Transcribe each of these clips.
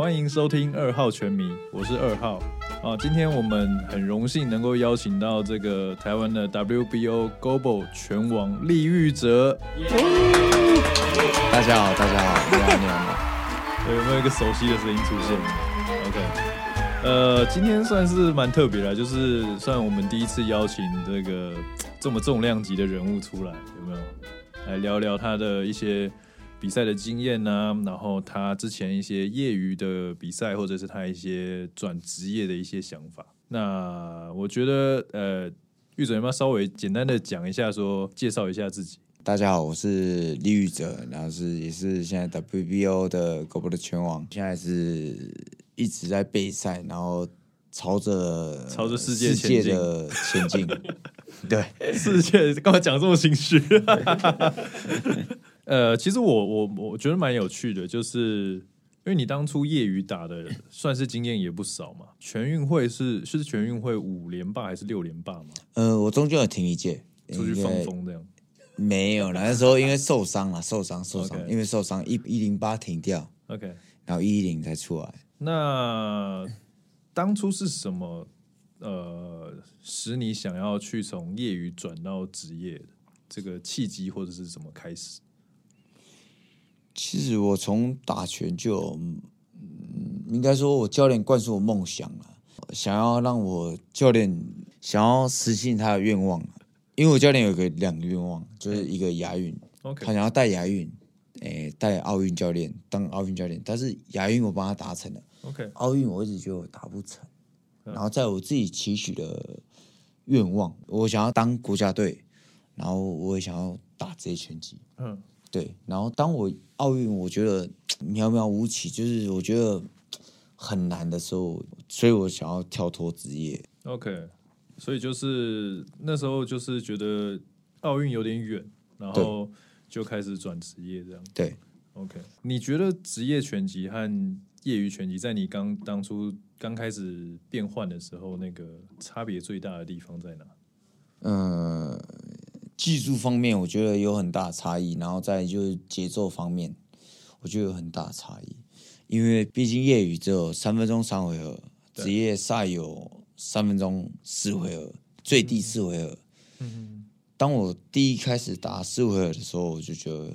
歡迎收聽二號全民，我是二號啊！今天我們很榮幸能夠邀請到這個台灣的 WBO Global 拳王利育哲。大家好，大家好，好 你好，你好，你好。有沒有一個熟悉的聲音出現 ？OK，呃，今天算是蠻特別的，就是算我們第一次邀請這個這麼重量級的人物出來，有沒有？來聊聊他的一些。比賽的經驗呢、啊？然後他之前一些業餘的比賽，或者是他一些轉職業的一些想法。那我覺得，呃，育哲，你要稍微簡單的講一下說，說介紹一下自己。大家好，我是利育哲，然後是也是現在 WBO 的 Global 的拳王，現在是一直在備賽，然後朝着朝着世界、世界的前進。 對， 世界，幹嘛講這麼情緒？ 呃，其實我我我覺得蠻有趣的就是因為你當初業餘打的，算是經驗也不少嘛。全運會是是全運會五連霸還是六連霸嗎？呃，我中間有停一屆出去放風這樣，沒有來的 時候因為受傷了，受傷受傷，受傷 okay. 因為受傷一一零八停掉，OK，然後一一零才出來。那當初是什麼呃使你想要去從業餘轉到職業這個契機，或者是什麼開始？其實我從打拳就，嗯、應該說我教練灌輸我夢想了，想要讓我教練想要實現他的願望。因為我教練有個兩個願望，就是一個亞運，okay. 他想要帶亞運，誒、欸，帶奧運教練當奧運教練。但是亞運我幫他達成了，okay. 奧運我一直覺得我達不成。然後在我自己期許的願望，我想要當國家隊，然後我也想要打職業拳擊，嗯。對，然後當我奧運，我覺得渺渺無期，就是我覺得很難的時候，所以我想要跳脫職業。OK，所以就是那時候就是覺得奧運有點遠，然後就開始轉職業這樣。對，OK，你覺得職業拳擊和業餘拳擊在你剛當初剛開始變換的時候，那個差別最大的地方在哪？嗯。技術方面，我覺得有很大的差異，然後再就是節奏方面，我覺得有很大的差異。因為畢竟業餘只有三分鐘三回合，職業賽有三分鐘四回合，嗯、最低四回合、嗯。當我第一開始打四回合的時候，我就覺得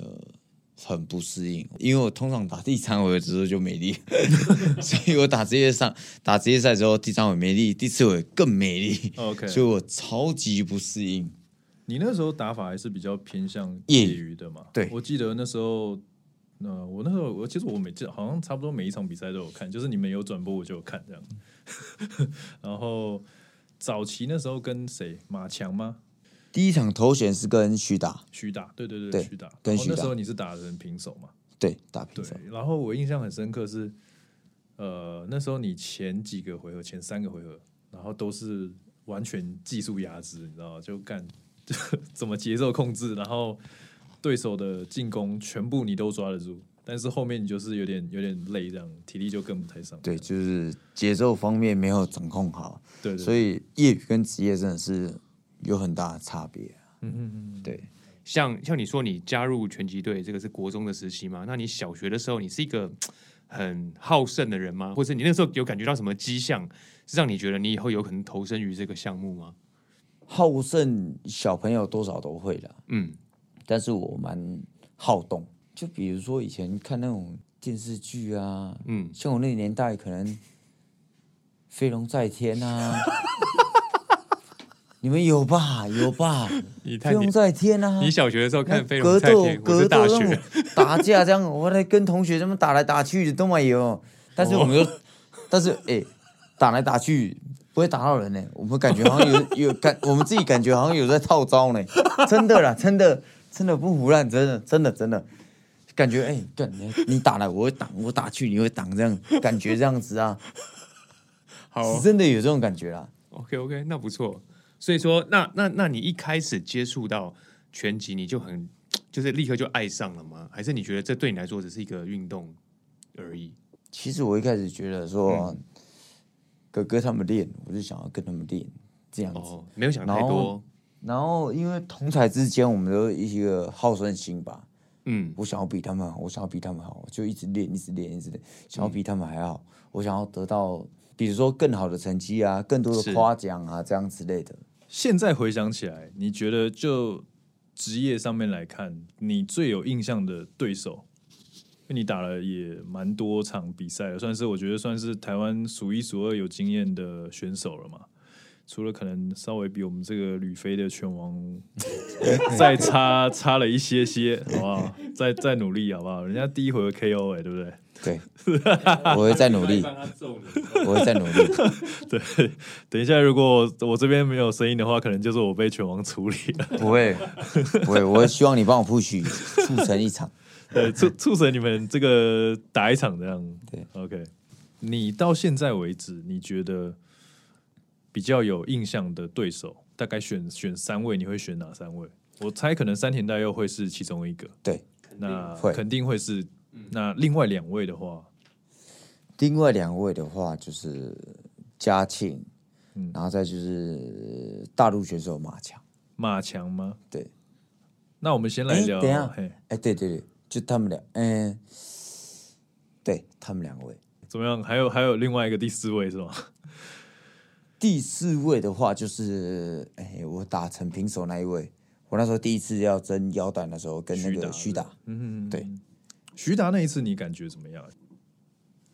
很不適應，因為我通常打第三回合之後就沒力， 所以我打職業賽打職業賽之後，第三回沒力，第四回更沒力。OK，所以我超級不適應。你那時候打法還是比較偏向業餘的嘛、yeah？對，我記得那時候，那、呃、我那時候，我其實我每屆好像差不多每一場比賽都有看，就是你們有轉播我就有看這樣。 然後早期那時候跟誰？馬強嗎？第一場頭銜是跟徐打，徐打，對對對，對，徐打跟徐打。那時候你是打的人平手嘛？對，打平手。然後我印象很深刻是，呃，那時候你前幾個回合，前三個回合，然後都是完全技術壓制，你知道就幹。 怎麼節奏控制？然後對手的進攻，全部你都抓得住，但是後面你就是有點有點累，這樣體力就跟不太上。對，就是節奏方面沒有掌控好。對，對，對，所以業餘跟職業真的是有很大的差別、啊。嗯，嗯嗯嗯。對，像像你說你加入拳擊隊，這個是國中的時期嘛？那你小學的時候，你是一個很好勝的人嗎？或者你那時候有感覺到什麼跡象，是讓你覺得你以後有可能投身於這個項目嗎？好勝小朋友多少都會的，嗯，但是我蠻好動，就比如說以前看那種電視劇啊，嗯，像我那個年代可能飛龍在天啊， 你們有吧有吧？你你飛龍在天啊！你小學的時候看飛龍在天，不是大學打架這樣，我在跟同學這麼打來打去的都沒有，但是我們又、哦，但是哎、欸，打來打去。不會打到人呢、欸，我們感覺好像有有感， 我們自己感覺好像有在套招呢、欸，真的啦，真的真的不胡亂，真的真的真的，感覺哎，對、欸，你打來我會擋，我打去你會擋，這樣感覺這樣子啊，好，真的有這種感覺啦。OK OK，那不錯。所以說，那那那你一開始接觸到拳擊，你就很就是立刻就愛上了嗎？還是你覺得這對你來說只是一個運動而已？其實我一開始覺得說，嗯哥哥他們練，我就想要跟他們練，這樣子、哦。沒有想太多。然後，然後因為同台之間，我們都一個好勝心吧。嗯，我想要比他們好，我想要比他們好，就一直練，一直練，一直練，想要比他們還好、嗯。我想要得到，比如說更好的成績啊，更多的誇獎啊，這樣之類的。現在回想起來，你覺得就職業上面來看，你最有印象的對手？因為你打了也蠻多場比賽，算是我覺得算是台灣數一數二有經驗的選手了嘛。除了可能稍微比我們這個呂飛的拳王 再差差了一些些， 好不好？再再努力，好不好？人家第一回合 KO 哎、欸，對不對？對， 我會再努力。 我會再努力。對，等一下，如果我這邊沒有聲音的話，可能就是我被拳王處理了。不會，不會，我希望你幫我復習促成一場。呃， 促促成你們這個打一場這樣，對，OK。你到現在為止，你覺得比較有印象的對手，大概選選三位，你會選哪三位？我猜可能三田大佑會是其中一個，對，那肯定,肯定會是、嗯。那另外兩位的話，另外兩位的話就是嘉慶，然後再就是大陸選手馬強、嗯，馬強嗎？對。那我們先來聊，欸、等下，哎、欸，對對對,對。就他們倆，嗯、欸，對他們兩位怎麼樣？還有還有另外一個第四位是嗎？第四位的話就是，哎、欸，我打成平手那一位，我那時候第一次要爭腰帶的時候，跟那個徐達，嗯，嗯，對，徐達那一次你感覺怎麼樣？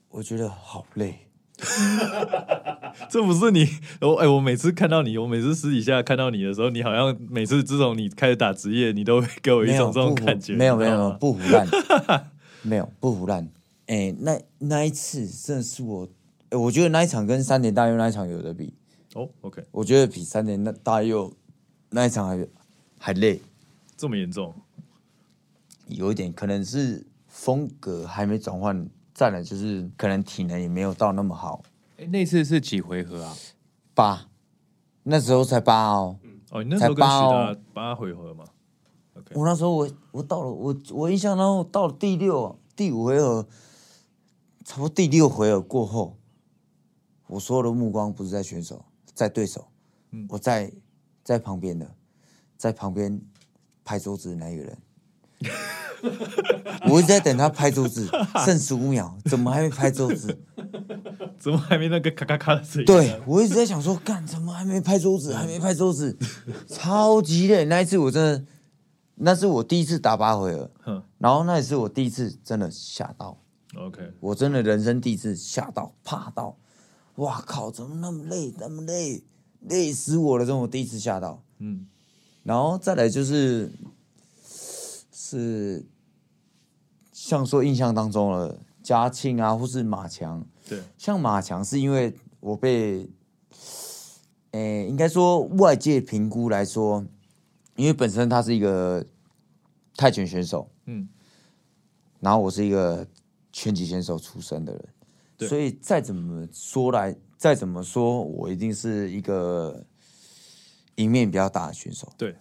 我覺得好累。 這不是你我，我、欸、哎，我每次看到你，我每次私底下看到你的時候，你好像每次自從你開始打職業，你都會給我一種這種感覺。沒有沒有不腐爛，沒有，沒有不腐爛。哎、 欸，那那一次真的是我、欸，我覺得那一場跟三年大運那一場有的比哦。Oh, OK，我覺得比三年那大運那一場還還累。這麼嚴重？有一點可能是風格還沒轉換。算了，就是可能體能也沒有到那麼好。哎、欸，那次是幾回合啊？八，那時候才八哦。哦、嗯，才八哦，哦八回合嘛。Okay. 我那時候我我到了，我我印象當中到了第六、第五回合，差不多第六回合過後，我所有的目光不是在選手，在對手，嗯、我在在旁邊的，在旁邊拍桌子的那一個人。 我一直在等他拍桌子， 剩十五秒，怎麼還沒拍桌子？ 怎麼還沒那個咔咔咔的聲音、啊？對，我一直在想說，幹，怎麼還沒拍桌子？還沒拍桌子， 超級累。那一次我真的，那是我第一次打八回合，然後那一次我第一次真的嚇到。OK，我真的人生第一次嚇到，怕到，哇靠！怎麼那麼累？那麼累，累死我了！這種我第一次嚇到。嗯，然後再來就是。是，像說印象當中了，嘉慶啊，或是馬強，對，像馬強是因為我被，欸、應該說外界評估來說，因為本身他是一個泰拳選手，嗯，然後我是一個拳擊選手出身的人，對，所以再怎麼說來，再怎麼說，我一定是一個贏面比較大的選手，對。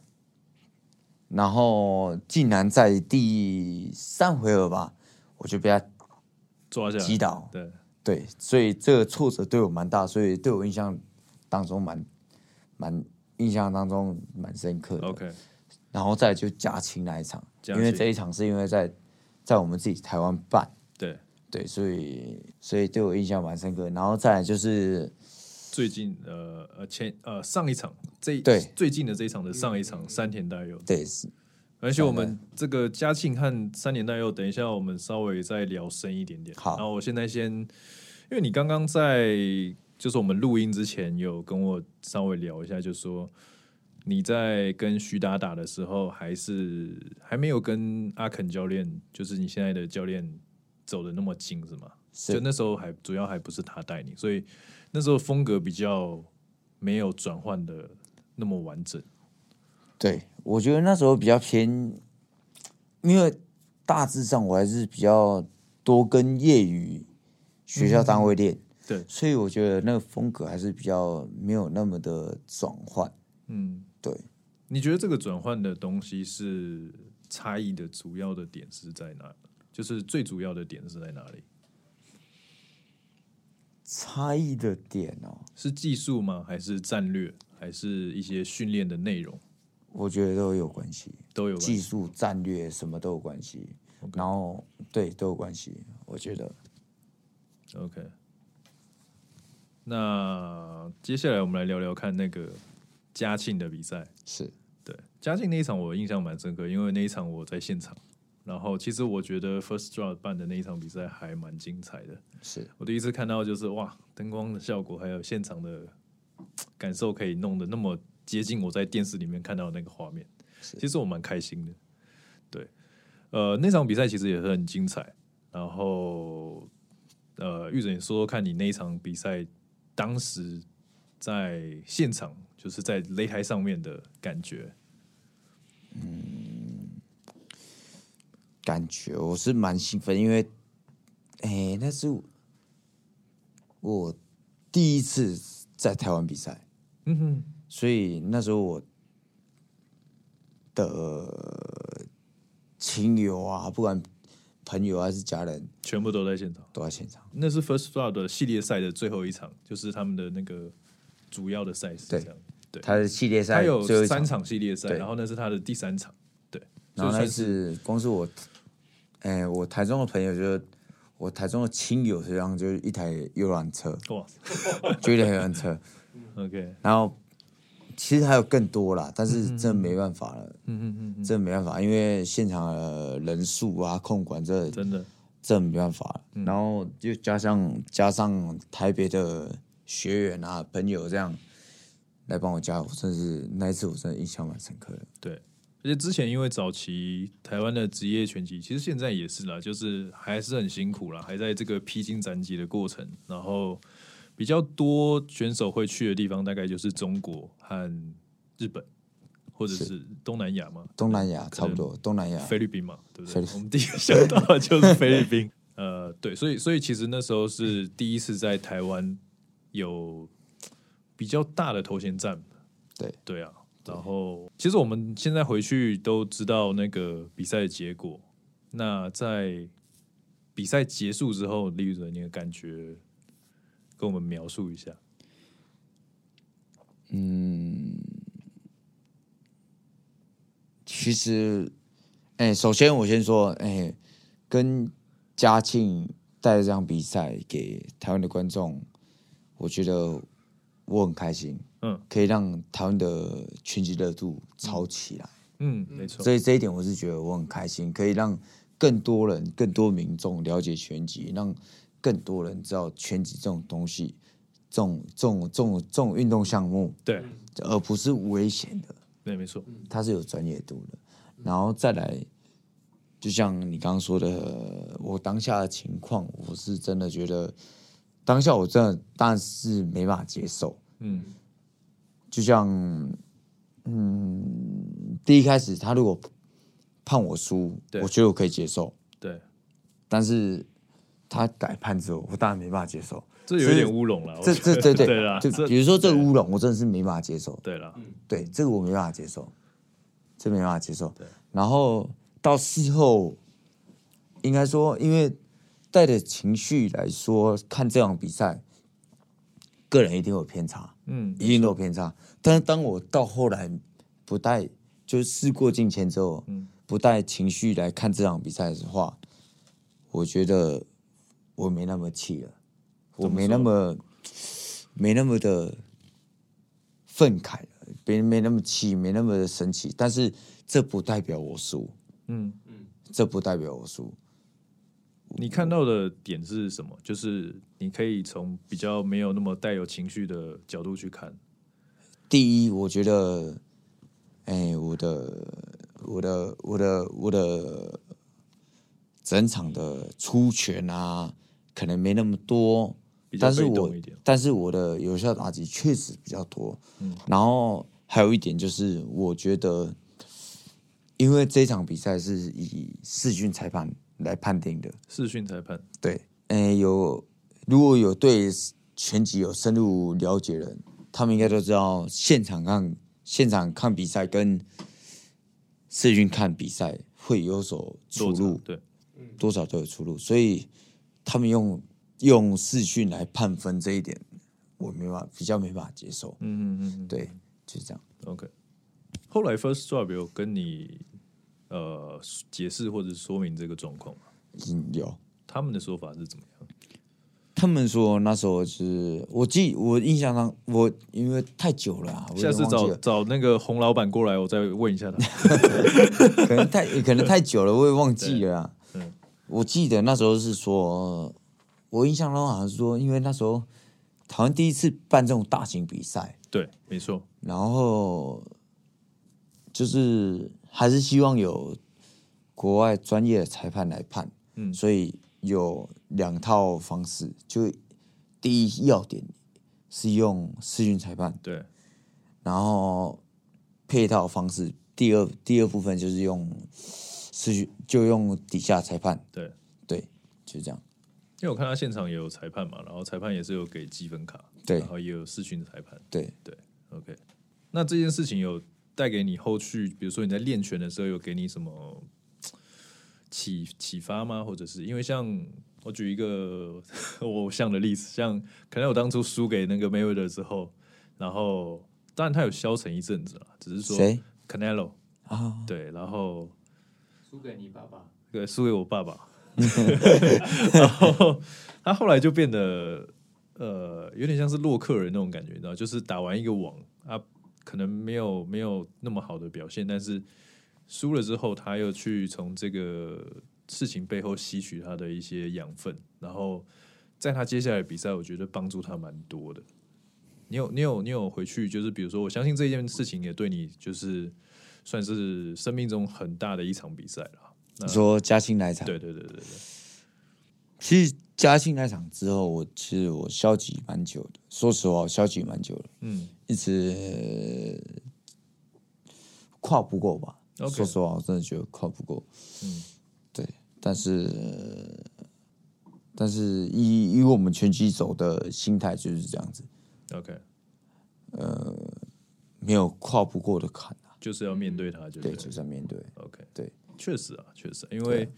然後竟然在第三回合吧，我就被他抓着擊倒。對對，所以這個挫折對我蠻大，所以對我印象當中蠻蠻印象當中蠻深刻的。OK，然後再來就加青那一場，因為這一場是因為在在我們自己台灣辦。對對，所以所以對我印象蠻深刻。然後再就是。最近呃，前，呃，前呃上一場，這一對，最近的這一場的上一場三田大佑對。對是，而且我們這個嘉慶和三田大佑，等一下我們稍微再聊深一點點好。然後我現在先，因為你剛剛在就是我們錄音之前有跟我稍微聊一下，就是說你在跟徐達打，打的時候，還是還沒有跟阿肯教練，就是你現在的教練走得那麼近是嗎？是就那時候還主要還不是他帶你，所以。那時候風格比較沒有轉換的那麼完整。對，對我覺得那時候比較偏，因為大致上我還是比較多跟業餘學校單位練，對，所以我覺得那個風格還是比較沒有那麼的轉換。嗯，對，對你覺得這個轉換的東西是差異的主要的點是在哪？就是最主要的點是在哪裡？差異的點哦、喔，是技術嗎？還是戰略？還是一些訓練的內容？我覺得都有關係，都有關係。技術、戰略什麼都有關係。Okay. 然後對都有關係，我覺得。OK。那接下來我們來聊聊看那個嘉慶的比賽。是，對嘉慶那一場我印象蠻深刻，因為那一場我在現場。然後，其實我覺得 First Draw 辦的那一場比賽還蠻精彩的。是我第一次看到，就是哇，燈光的效果還有現場的感受，可以弄得那麼接近我在電視裡面看到那個畫面。其實我蠻開心的。對，呃，那場比賽其實也是很精彩。然後，呃，育哲說說看你那一場比賽，當時在現場就是在擂台上面的感覺。嗯。感覺我是蠻興奮，因為，哎、欸，那是我，我第一次在台灣比賽，嗯哼，所以那時候我的親友啊，不管朋友還是家人，全部都在現場，都在現場。那是 First Drop 系列賽的最後一場，就是他們的那個主要的賽事。對，對，他的系列賽，他有三場系列賽，然後那是他的第三場。就那一次，光是我，哎、欸，我台中的朋友、就是，就我台中的親友，實際上就是一台遊覽車，就 一台遊覽車，OK。然後其實還有更多啦，但是真沒、嗯真沒啊、這，真這沒辦法了，嗯嗯嗯，這沒辦法，因為現場的人數啊，控管這真的，這沒辦法。然後又加上加上台北的學員啊，朋友這樣來幫我加油，我真是那一次我真的印象蠻深刻的，對。而且之前因為早期台灣的職業拳擊，其實現在也是啦，就是還是很辛苦啦，還在這個披荊斬棘的過程。然後比較多選手會去的地方，大概就是中國和日本，或者是東南亞嘛。東南亞差不多，東南亞菲律賓嘛，對不對？我們第一個想到的就是菲律賓。 呃，對，所以所以其實那時候是第一次在台灣有比較大的頭銜戰。對對啊。然後，其實我們現在回去都知道那個比賽的結果。那在比賽結束之後，利育哲，你的感覺跟我們描述一下。嗯，其實，哎，首先我先說，哎，跟嘉慶帶着這場比賽給台灣的觀眾，我覺得我很開心。嗯，可以讓台灣的拳擊熱度炒起來。嗯，沒錯。所以這一點我是覺得我很開心，可以讓更多人、更多民眾了解拳擊，讓更多人知道拳擊這種東西、這種、這種、這種、這種運動項目。對，而不是危險的。對，沒錯。它是有專業度的。然後再來，就像你剛剛說的，我當下的情況，我是真的覺得當下我真的，但是沒辦法接受。嗯。就像，嗯，第一開始他如果判我輸，我覺得我可以接受。對，但是他改判之後，我當然沒辦法接受。這有點烏龍了。這這這對對對這，對啦，就比如說這個烏龍，我真的是沒辦法接受。對了，對，這個我沒辦法接受，這個沒辦法接受。對，然後到事後，應該說，說，因為帶着情緒來說，看這場比賽，個人一定有偏差。嗯，一定都有偏差。嗯、但是當我到後來不，不帶就是事過境遷之後，嗯、不帶情緒來看這場比賽的話，我覺得我沒那麼氣了麼，我沒那麼沒那麼的憤慨，別人沒那麼氣，沒那麼的生氣。但是這不代表我輸，嗯嗯，這不代表我輸。你看到的點是什麼？就是你可以從比較沒有那麼帶有情緒的角度去看。第一，我覺得，哎、欸，我的、我的、我的、我的，整場的出拳啊，可能沒那麼多，但是我但是我的有效打擊確實比較多。嗯，然後還有一點就是，我覺得，因為這場比賽是以四軍裁判，來判定的視訊裁判對，嗯、欸，有如果有對拳擊有深入了解的人，他們應該都知道現，現場看現場看比賽跟視訊看比賽會有所出入，對，多少都有出入，所以他們用用視訊來判分這一點，我沒法比較，沒辦法接受，嗯嗯嗯，對，就是這樣。OK，後來 First Job 有跟你。呃，解釋或者說明這個狀況嗎？嗯，有。他們的說法是怎麼樣？他們說那時候是我記，我印象上，我因為太久了啊，下次找找那個洪老闆過來，我再問一下他。 可能太可能太久了，我也忘記了啊。嗯，我記得那時候是說，我印象中好像是說，因為那時候好像第一次辦這種大型比賽，對，沒錯。然後就是。還是希望有國外專業的裁判來判，嗯，所以有兩套方式。就第一要點是用視訊裁判，對，然後配套方式，第二第二部分就是用視訊，就用底下裁判，對對，就是這樣。因為我看他現場也有裁判嘛，然後裁判也是有給積分卡，對，然後也有視訊裁判，對對，OK。那這件事情有。帶給你後續，比如說你在練拳的時候，有給你什麼啟啟發嗎？或者是因為像我舉一個我偶像的例子，像可能我當初輸給那個 Mayweather 之後，然後當然他有消沉一陣子了，只是說 Canelo 對，然後輸給你爸爸，對，輸給我爸爸， 然後他後來就變得呃，有點像是洛克人那種感覺，你知道，就是打完一個網啊。可能沒有沒有那麼好的表現，但是輸了之後，他又去從這個事情背後吸取他的一些養分，然後在他接下來比賽，我覺得幫助他蠻多的。你有你有你有回去，就是比如說，我相信這一件事情也對你，就是算是生命中很大的一場比賽了。你說嘉興那一場，對，對對對對對，其實。嘉慶那場之後，我其實我消極蠻久的。說實話，消極蠻久了。嗯，一直跨不過吧。Okay. 說實話，我真的覺得跨不過。嗯，對。但是，但是，以因為我們拳擊手的心態就是這樣子。OK，呃，沒有跨不過的坎啊，就是要面對它就對對，就一直在面對。OK，對，確實啊，確實啊，因為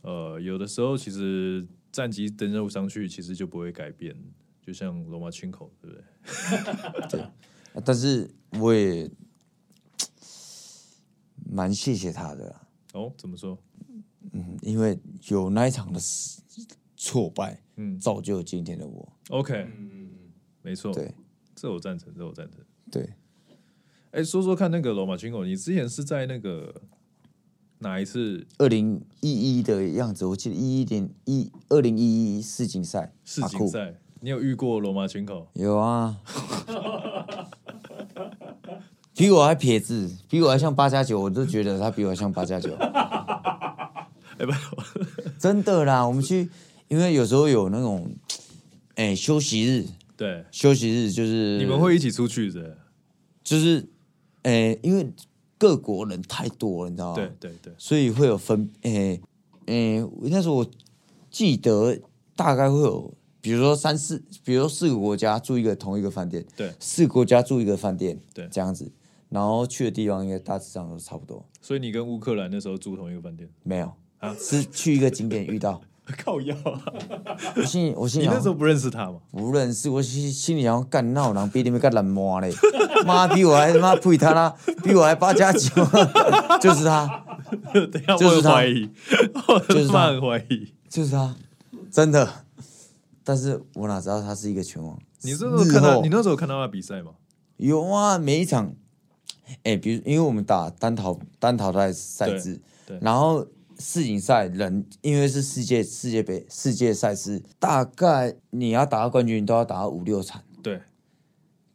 呃，有的時候其實。戰績等任務上去，其實就不會改變，就像羅馬青口，對不對？ 對、啊，但是我也蠻謝謝他的啦哦。怎麼說？嗯，因為有那一場的挫敗，嗯，造就今天的我。OK，嗯嗯嗯，沒錯，對，這我贊成，這我贊成。對，哎、欸，說說看，那個羅馬青口，你之前是在那個？哪一次？二零一一的樣子，我記得一一點一，二零一一世錦賽，世錦賽，你有遇過羅馬群口？有啊， 比我還撇子，比我還像八加九，我都覺得他比我還像八加九。哎不，真的啦，我們去，因為有時候有那種，哎、欸，休息日，對，休息日就是你們會一起出去的，就是，哎、欸，因為。各國人太多了，你知道嗎？對對對，所以會有分，誒、欸、誒、欸，那時候我記得大概會有，比如說三四，比如說四個國家住一個同一個飯店，對，四個國家住一個飯店，對，這樣子，然後去的地方應該大致上都差不多。所以你跟烏克蘭那時候住同一個飯店，沒有啊？是去一個景點遇到。 靠腰，啊！我信，我信。你那時候不認識他嗎？不認識，我心心裡想，幹鬧，然後比你們更冷漠嘞，媽 逼我還他媽破 他啦，逼我還八加九，就是他，等下我懷疑，就是，他就是他，就是他，真的。但是我哪知道他是一個拳王？你那時候看到你那時候看到他比賽嗎？有啊，每一場，哎、欸，比如因為我們打單淘單淘汰賽制，對，然後。世錦賽人，因為是世界世界杯世界賽事，大概你要打到冠軍都要打到五六場。對，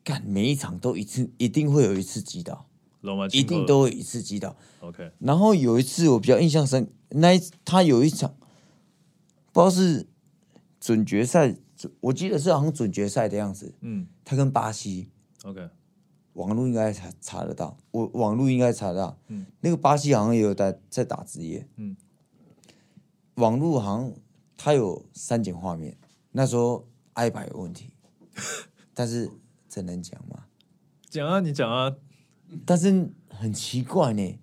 幹每一場都一次，一定會有一次擊倒，一定都會一次擊倒。OK。然後有一次我比較印象深刻，那一他有一場不知道是準決賽，我記得是好像準決賽的樣子。嗯，他跟巴西。OK。網路應該查查得到，我網路應該查得到，嗯。那個巴西好像也有在在打職業。嗯，網路好像他有刪減畫面，那時候 i 牌有問題。 但是這能講嗎？講啊，你講啊。但是很奇怪呢。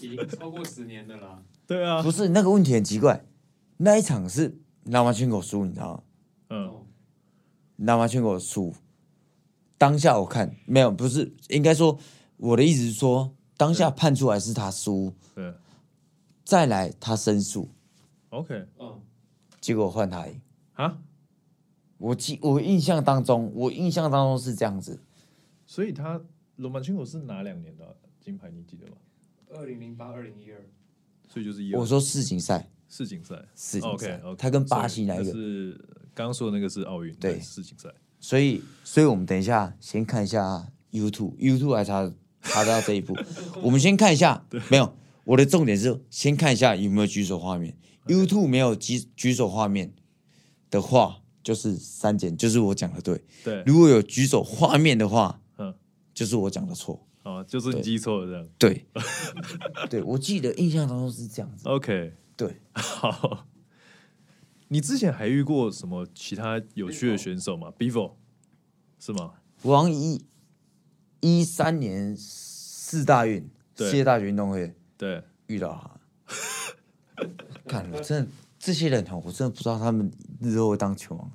已經超過十年的啦。 對啊。不是那個問題很奇怪，那一場是那完全給我輸，你知道嗎？嗯。那完全給我輸。當下我看沒有，不是應該說，我的意思是說，當下判出來是他輸。對，再來他申訴。OK，嗯，結果換他贏。啊？我記我印象當中，我印象當中是這樣子。所以他羅馬琴科是哪兩年的、啊、金牌？你記得嗎？二零零八、二零一二，所以就是一二。我說世錦賽，世錦賽，世錦賽。OK、OK，他跟巴西那個是剛剛說的那個是奧運對世錦賽。所以，所以我們等一下先看一下 YouTube，YouTube 還查，查到這一步。 我們先看一下，沒有。我的重點是先看一下有沒有舉手畫面。Okay. YouTube 沒有舉舉手畫面的話，就是三減，就是我講的對。對，如果有舉手畫面的話，嗯、就是我講的錯。好，就是你記錯了這樣。對，對， 對，我記得印象當中是這樣子。OK，對，好。你之前還遇過什麼其他有趣的選手嗎？Bevo,？Bevo，是嗎？我王一，一三年四大運世界大學運動會，對，遇到他。幹， 我真的這些人，我我真的不知道他們日後會當球王。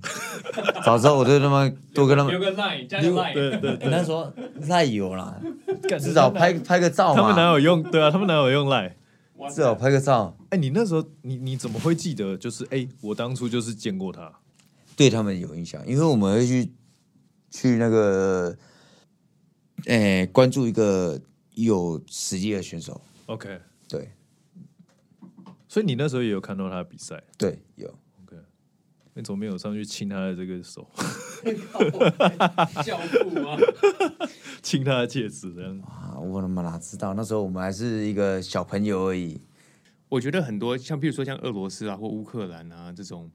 啊。 早知道我就他媽多跟他們留個，留個 line，加個 line 留對，對對。跟他 說賴有啦，至少拍拍個照嘛。他們哪有用？對啊，他們哪有用賴？至少拍個照。哎，你那時候，你你怎麼會記得？就是哎、欸，我當初就是見過他，對他們有印象，因為我們會去去那個，哎、欸，關注一個有實力的選手。OK，對，所以你那時候也有看到他的比賽，對，有。你怎麼沒有上去親他的這個手？教父啊，親他的戒指，這樣啊？我他媽哪知道？那時候我們還是一個小朋友而已。我覺得很多像，比如說像俄羅斯啊，或烏克蘭啊這種，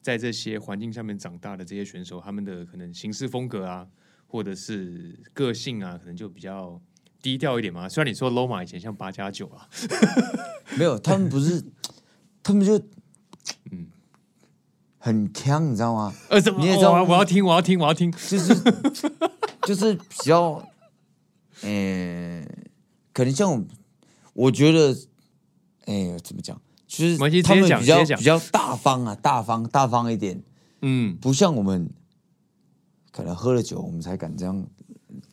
在這些環境下面長大的這些選手，他們的可能行事風格啊，或者是個性啊，可能就比較低調一點嘛。雖然你說 Loma 以前像八加九啊 ，沒有，他們不是， 他們就嗯。很強，你知道嗎？呃、你也知道嗎、哦，我要聽，我要聽，我要聽，就是 就是比較，呃、欸，可能像我，我覺得，哎、欸，怎麼講？其、就、實、是、他們比較比較，比較大方啊，大方，大方一點。嗯，不像我們，可能喝了酒，我們才敢這樣，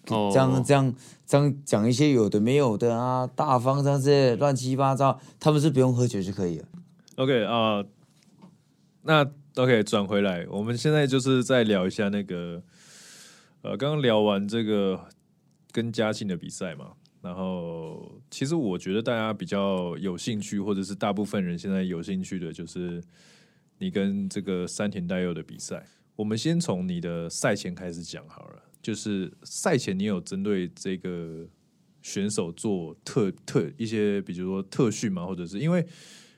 這樣，oh. 這樣，這樣講一些有的沒有的啊，大方這樣些亂七八糟，他們是不用喝酒就可以了。OK 啊、uh,，那。OK，轉回來，我們現在就是再聊一下那個，呃，剛剛聊完這個跟嘉慶的比賽嘛。然後，其實我覺得大家比較有興趣，或者是大部分人現在有興趣的，就是你跟這個山田代佑的比賽。我們先從你的賽前開始講好了，就是賽前你有針對這個選手做特特一些，比如說特訓嘛，或者是因為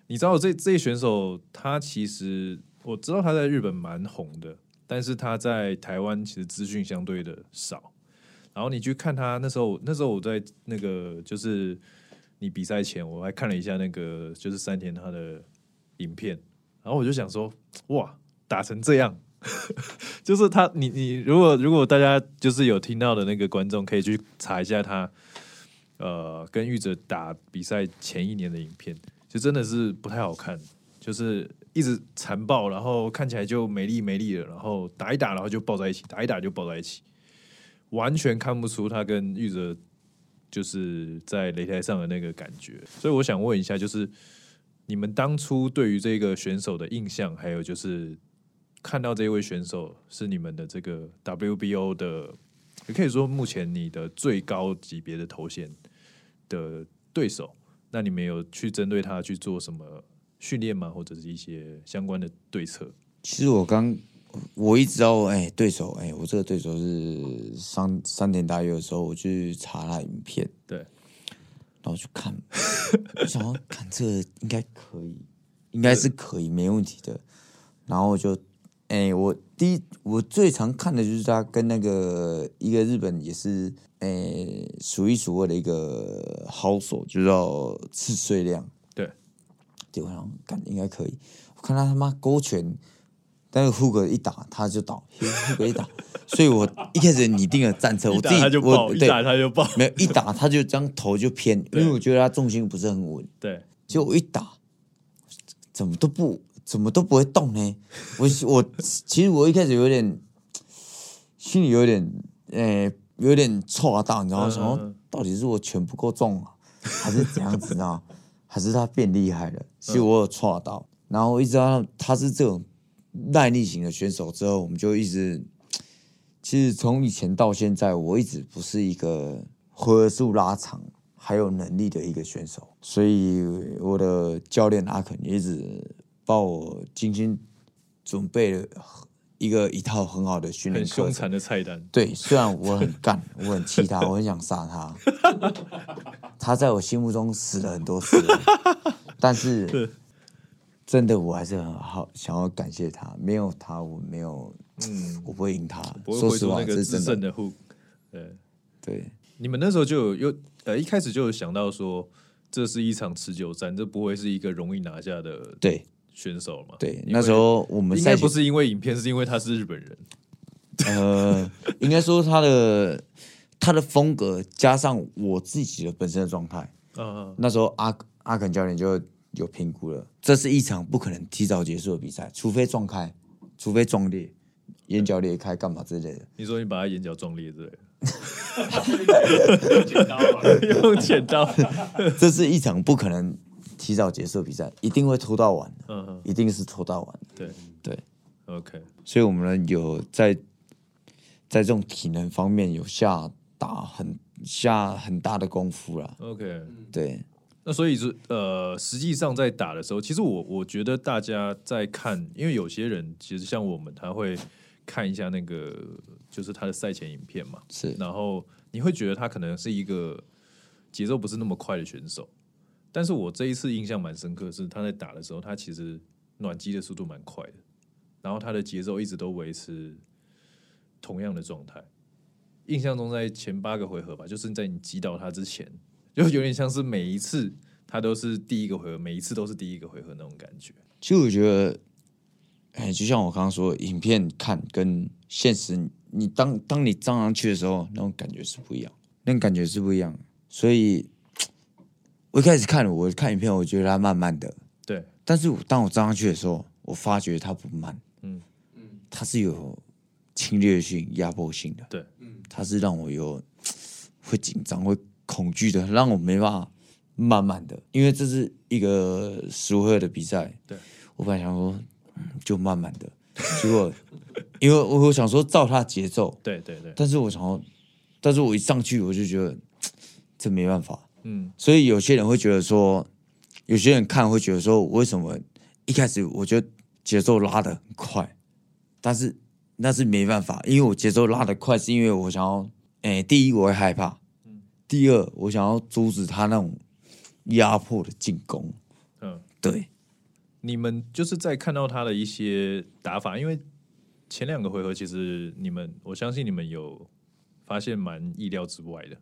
你知道這這些選手他其實。我知道他在日本蠻紅的，但是他在台灣其實資訊相對的少。然後你去看他那時候，那時候我在那個就是你比賽前，我還看了一下那個就是山田他的影片。然後我就想說，哇，打成這樣， 就是他你你如果如果大家就是有聽到的那個觀眾可以去查一下他，呃，跟育哲打比賽前一年的影片，就真的是不太好看，就是。一直殘暴，然後看起來就沒力沒力了，然後打一打，然後就抱在一起，打一打就抱在一起，完全看不出他跟育哲就是在擂台上的那個感覺。所以我想問一下，就是你們當初對於這個選手的印象，還有就是看到這位選手是你們的這個 WBO 的，也可以說目前你的最高級別的頭銜的對手，那你們有去針對他去做什麼？訓練嘛，或者是一些相關的對策。其實我剛我一直到哎、欸，對手，哎、欸，我這個對手是三三點大約的時候，我去查他影片，對，然後去看， 我想要看這個應該可以，應該是可以沒問題的。然後就，哎、欸，我第一我最常看的就是他跟那個一個日本也是，哎、欸，數一數二的一個好手，就叫赤穗亮。基本上感應該可以，我看他他媽勾拳，但是 h 格一打他就倒，h 格一打， 所以我一開始擬定了戰策，我一打他就爆，沒有一打他就這樣 頭就偏，因為我覺得他重心不是很穩。對，結果我一打，怎麼都不怎麼都不會動呢？ 我我其實我一開始有點心裡有點呃、欸、有點錯到、啊，你知道麼、嗯嗯，到底是我拳不夠重啊，還是怎樣，這樣子呢？ 還是他變厲害了，其實我有抓到、嗯。然後一直到他是這種耐力型的選手之後，我們就一直，其實從以前到現在，我一直不是一個回合數拉長還有能力的一個選手，所以我的教練阿肯一直幫我精心準備。一個一套很好的訓練，很兇殘的菜單。對，雖然我很幹， 我很氣他，我很想殺他。 他在我心目中死了很多次， 但是真的我還是很好想要感謝他。沒有他，我沒有，嗯，我不會贏他。說，說實話，真正的 hook，對對。你們那時候就有又呃，一開始就有想到說，這是一場持久戰，這不會是一個容易拿下的。對。選手嘛，對，那時候我們應該不是因為影片，是因為他是日本人。呃， 應該說他的他的風格加上我自己的本身的狀態，嗯、uh-huh. 那時候阿阿肯教練就有評估了，這是一場不可能提早結束的比賽，除非撞開，除非撞裂眼角裂開，幹嘛之類的。你說你把他眼角撞裂之類的， 用剪刀嗎， 這是一場不可能。提早結束比賽，一定會拖到晚的，嗯，一定是拖到晚的。對對，OK。所以，我們有在在這種體能方面有下打很下很大的功夫了。OK，對。那所以是呃，實際上在打的時候，其實我我覺得大家在看，因為有些人其實像我們，他會看一下那個就是他的賽前影片嘛，是。然後你會覺得他可能是一個節奏不是那麼快的選手。但是我這一次印象蠻深刻，是他在打的時候，他其實暖機的速度蠻快的，然後他的節奏一直都維持同樣的狀態。印象中在前八個回合吧，就是在你擊倒他之前，就有點像是每一次他都是第一個回合，每一次都是第一個回合那種感覺。其實我覺得，哎、欸，就像我剛剛說，影片看跟現實，你當當你站上，上去的時候，那種感覺是不一樣，那種感覺是不一樣，所以。我一開始看，我看影片，我覺得他慢慢的，對。但是我當我站上，上去的時候，我發覺他不慢，嗯嗯，他是有侵略性、壓、嗯、迫性的，對，嗯，他是讓我有會緊張、會恐懼的，讓我沒辦法慢慢的。因為這是一個十五合的比賽，對，我本來想說就慢慢的，對結果 因為我我想說照他的節奏，對對對。但是我想要，但是我一上去我就覺得這沒辦法。嗯，所以有些人會覺得說，有些人看會覺得說，為什麼一開始我就節奏拉得很快？但是那是沒辦法，因為我節奏拉得快，是因為我想要，哎、欸，第一，我會害怕，第二，我想要阻止他那種壓迫的進攻。嗯，對。你們就是在看到他的一些打法，因為前兩個回合，其實你們我相信你們有發現蠻意料之外的。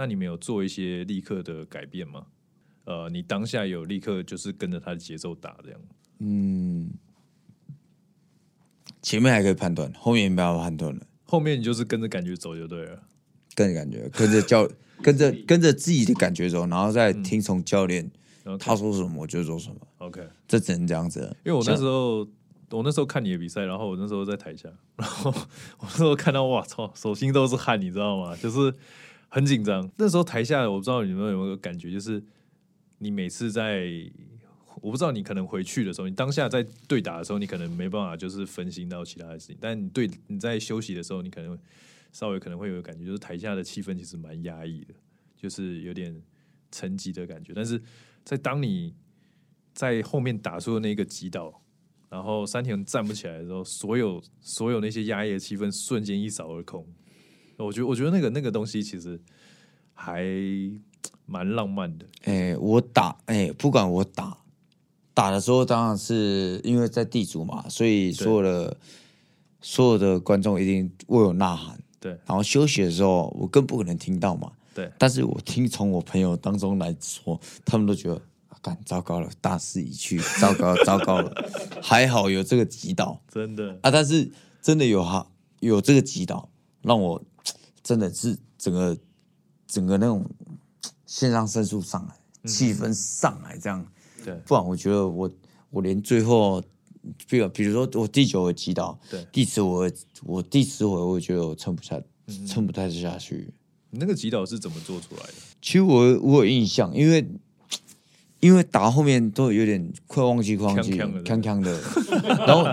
那你沒有做一些立刻的改變嗎？呃，你當下有立刻就是跟着他的節奏打這樣？嗯，前面還可以判斷，後面沒辦法判斷了。後面你就是跟着感覺走就對了，跟着感覺，跟着教， 跟着跟着自己的感覺走，然後再聽從教練，嗯 okay. 他說什麼我就做什麼。OK，這只能這樣子。因為我那時候我那時候看你的比賽，然後我那時候在台下，然後我那時候看到哇操，手心都是汗，你知道嗎？就是。很緊張。那時候台下，我不知道你們有，有，有沒有感覺，就是你每次在，我不知道你可能回去的時候，你當下在對打的時候，你可能沒辦法就是分心到其他的事情。但你對你在休息的時候，你可能稍微可能會有個感覺，就是台下的氣氛其實蠻壓抑的，就是有點沉寂的感覺。但是在當你在後面打出的那個擊倒，然後山田站不起來的時候，所有所有那些壓抑的氣氛瞬間一掃而空。我覺得我覺得那個那個東西其實還蠻浪漫的、欸。哎，我打哎、欸，不管我打打的時候，當然是因為在地主嘛，所以所有的所有的觀眾一定為我吶喊。對，然後休息的時候，我更不可能聽到嘛。對，但是我聽從我朋友當中來說，他們都覺得，幹、啊，糟糕了，大勢已去，糟糕，糟糕了，還好有這個擊倒，真的啊，但是真的有哈有這個擊倒讓我。真的是整個整個那種線上聲勢上來、嗯，氣氛上來這樣。對，不然我覺得我我連最後，比方比如說我第九回擊倒，對第十我我第十回我也覺得我撐不下，撐、嗯、不太下去。你那個擊倒是怎麼做出來的？其實我我有印象，因為因為打後面都有點快忘記快忘記，嗆嗆的。 然後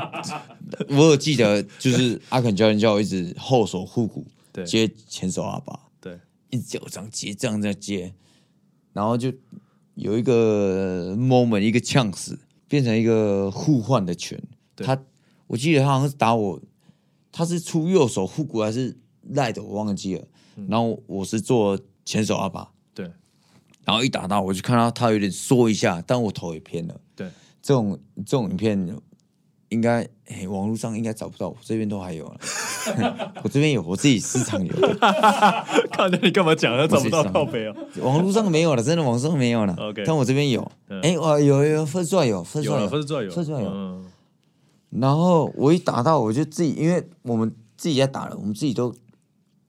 我有記得就是阿肯教練叫我一直後手護骨。接前手阿爸，對，一腳掌結賬再接，然後就有一個 moment，一個 chance，變成一個互換的拳。對，他我記得他好像是打我，他是出右手復古還是 light 我忘記了、嗯。然後我是做前手阿爸，對，然後一打到，我就看到他有點縮一下，但我頭也偏了。對，這種這種影片。嗯應該哎、欸，網絡上應該找不到我，我這邊都還有啊。 我這邊有，我自己私藏有。看 你幹嘛講？ 我找不到靠北啊！ 網絡上沒有了，真的，網上沒有了。OK，但我這邊有。哎、嗯，哦、欸，有有，有分數有分數有，有分數有分數有嗯嗯。然後我一打到，我就自己，因為我們自己在打了，我們自己都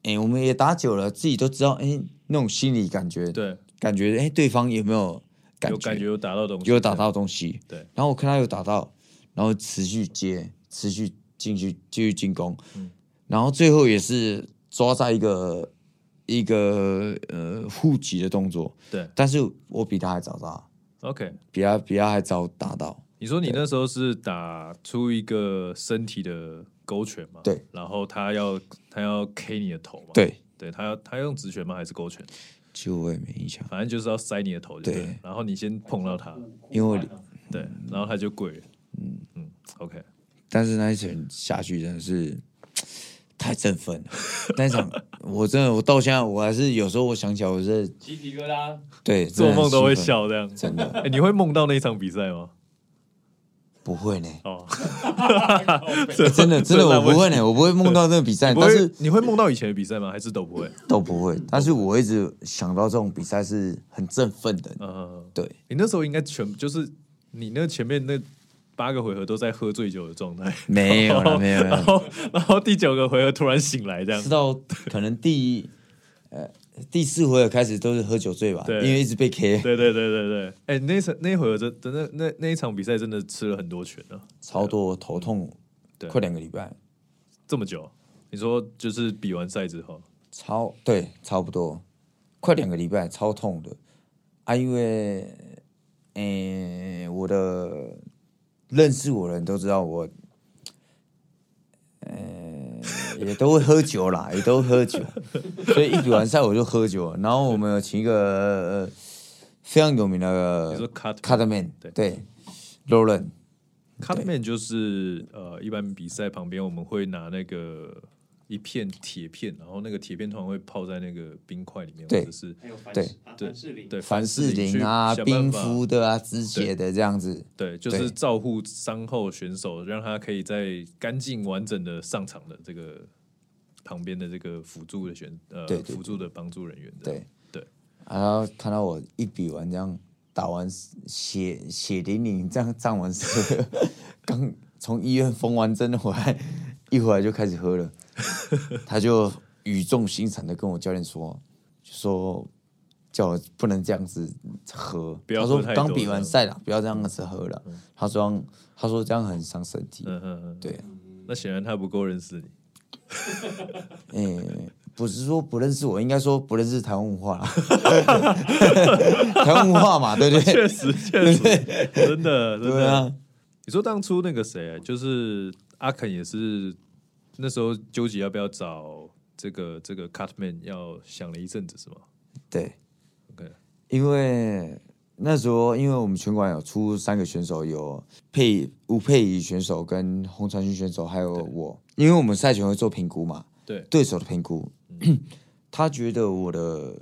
哎、欸，我們也打久了，自己都知道哎、欸，那種心理感覺。對。感覺哎、欸，對方有沒有感有感覺有打到東西，有打到東西。對。然後我看他有打到。然後持續接，持續進去繼續進攻、嗯，然後最後也是抓在一個一個呃護級的動作。對，但是我比他還早到。OK，比他比他還早打到。你說你那時候是打出一個身體的勾拳嗎？對。然後他要他要 K 你的頭嗎，對，對他要他要用直拳嗎？還是勾拳？就我也沒印象，反正就是要塞你的頭就對，對。然後你先碰到他，因為對、嗯，然後他就跪了。嗯嗯，OK，但是那一場下去真的是太振奮了。那一場我真的，我到現在我還是有時候我想起來，我是雞皮疙瘩，對，做夢都會笑這樣。真的，哎、欸，你會夢到那場比賽嗎？不會呢。哦、 欸，真的真的我不會呢，我不會夢到那個比賽。但是你會夢到以前的比賽嗎？還是都不會？都不會。但是我一直想到這種比賽是很振奮的。嗯、uh-huh.，對，你、欸、那時候應該全就是你那前面那。八個回合都在喝醉酒的狀態，沒有 沒有，沒有，然後 然後第九個回合突然醒來，這樣。直到可能第呃第四回合開始都是喝酒醉吧，因為一直被 K，對對對對。對對對對對。哎、欸，那場那一回合真真的那那，那一場比賽真的吃了很多拳了、啊啊，超多頭痛，快兩個禮拜，這麼久？你說就是比完賽之後？超對，差不多，快兩個禮拜，超痛的。啊，因為呃、欸、我的。認識我的人都知道我，呃，也都會喝酒啦， 也都喝酒，所以一比完賽我就喝酒了。然後我們有請一個、呃、非常有名的、那個，就是 Cutman Cutman 對 Roland 卡德曼，就是呃，一般比賽旁邊我們會拿那個。一片鐵片，然後那個鐵片通常會泡在那個冰塊裡面，或者是還有凡對凡士林對對凡士林啊、冰敷、啊、的啊、止血的這樣子對對，對，就是照顧傷後選手，讓他可以在乾淨完整的上場的這個旁邊的這個輔助的選呃，對輔助的幫助人員，對對，對、啊，然後看到我一比完這樣打完血血淋淋這樣站完， 剛從醫院縫完針回來，一回來就開始喝了。 他就語重心長的跟我教練說，說叫我不能這樣子喝。喝他說剛比完賽了，不要這樣子喝了。嗯嗯、他說他說這樣很傷身體、嗯嗯。對，那顯然他不夠認識你、 欸。不是說不認識我，應該說不認識台灣文化。 台灣文化嘛，對不對？確實，確實，對不對？真的，真的。對啊。你說當初那個誰，就是阿肯也是。那時候糾結要不要找這個這個 Cutman，要想了一陣子，是嗎？對，OK，因為那時候因為我們拳館有出三個選手，有佩吳佩儀選手跟洪傳勳選手，還有我，因為我們賽前會做評估嘛，對，對手的評估，嗯，他覺得我的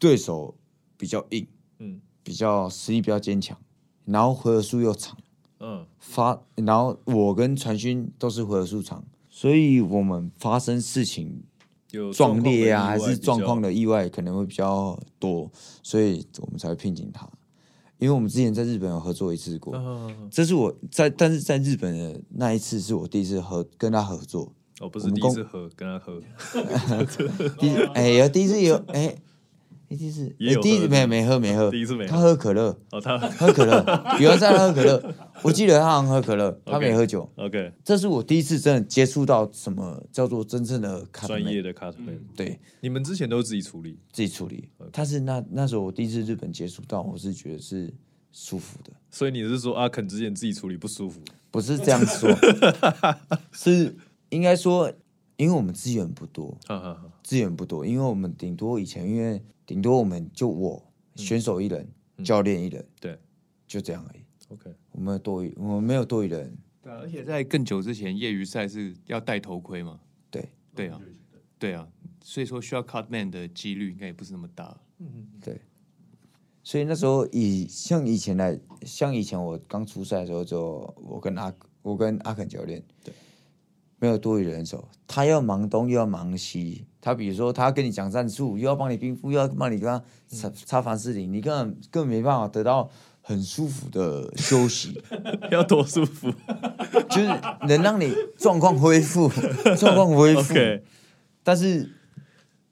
對手比較硬，嗯，比較實力比較堅強，然後回合數又長，嗯，發，然後我跟傳勳都是回合數長。所以我們發生事情、壯烈啊，還是狀況的意外，可能會比較多，所以我們才會聘請他。因為我們之前在日本有合作一次過，嗯、這是我在，但是在日本的那一次是我第一次和跟他合作，我、哦、不是第一次合跟他合， 第一 哎呀，第一次有哎。第一次，你、欸、第, 第一次沒有沒喝、沒喝，第一次沒他喝可樂、哦、他，他喝可樂，有人在喝可樂，我記得他好像喝可樂，他沒喝酒。Okay, OK，這是我第一次真的接觸到什麼叫做真正的 Cutman，專業的 Cutman、嗯，對，你們之前都自己處理自己處理，但是那那時候我第一次日本接觸到，我是覺得是舒服的，所以你是說阿、啊、肯之前自己處理不舒服？不是這樣子說， 是應該說。因為我們資源不多，資、啊啊啊、源不多。因為我們頂多以前，因為頂多我們就我、嗯、選手一人，嗯、教練一人，對，就這樣而已。OK，我們多餘，我們沒有多餘的人。對、啊，而且在更久之前，業餘賽是要戴頭盔嘛？對，對啊，對啊。所以說需要 cut man 的幾率應該也不是那麼大。嗯，嗯，對。所以那時候以，像以前來，像以前我剛出賽的時候就，就我跟阿我跟阿肯教練對。沒有多餘的人手，他要忙東又要忙西，他比如說他要跟你講戰術，又要幫你冰敷，又要幫你跟他擦、嗯、擦凡士林，你根本根本沒辦法得到很舒服的休息， 要多舒服，就是能讓你狀況恢復，狀況恢復。 okay. 但是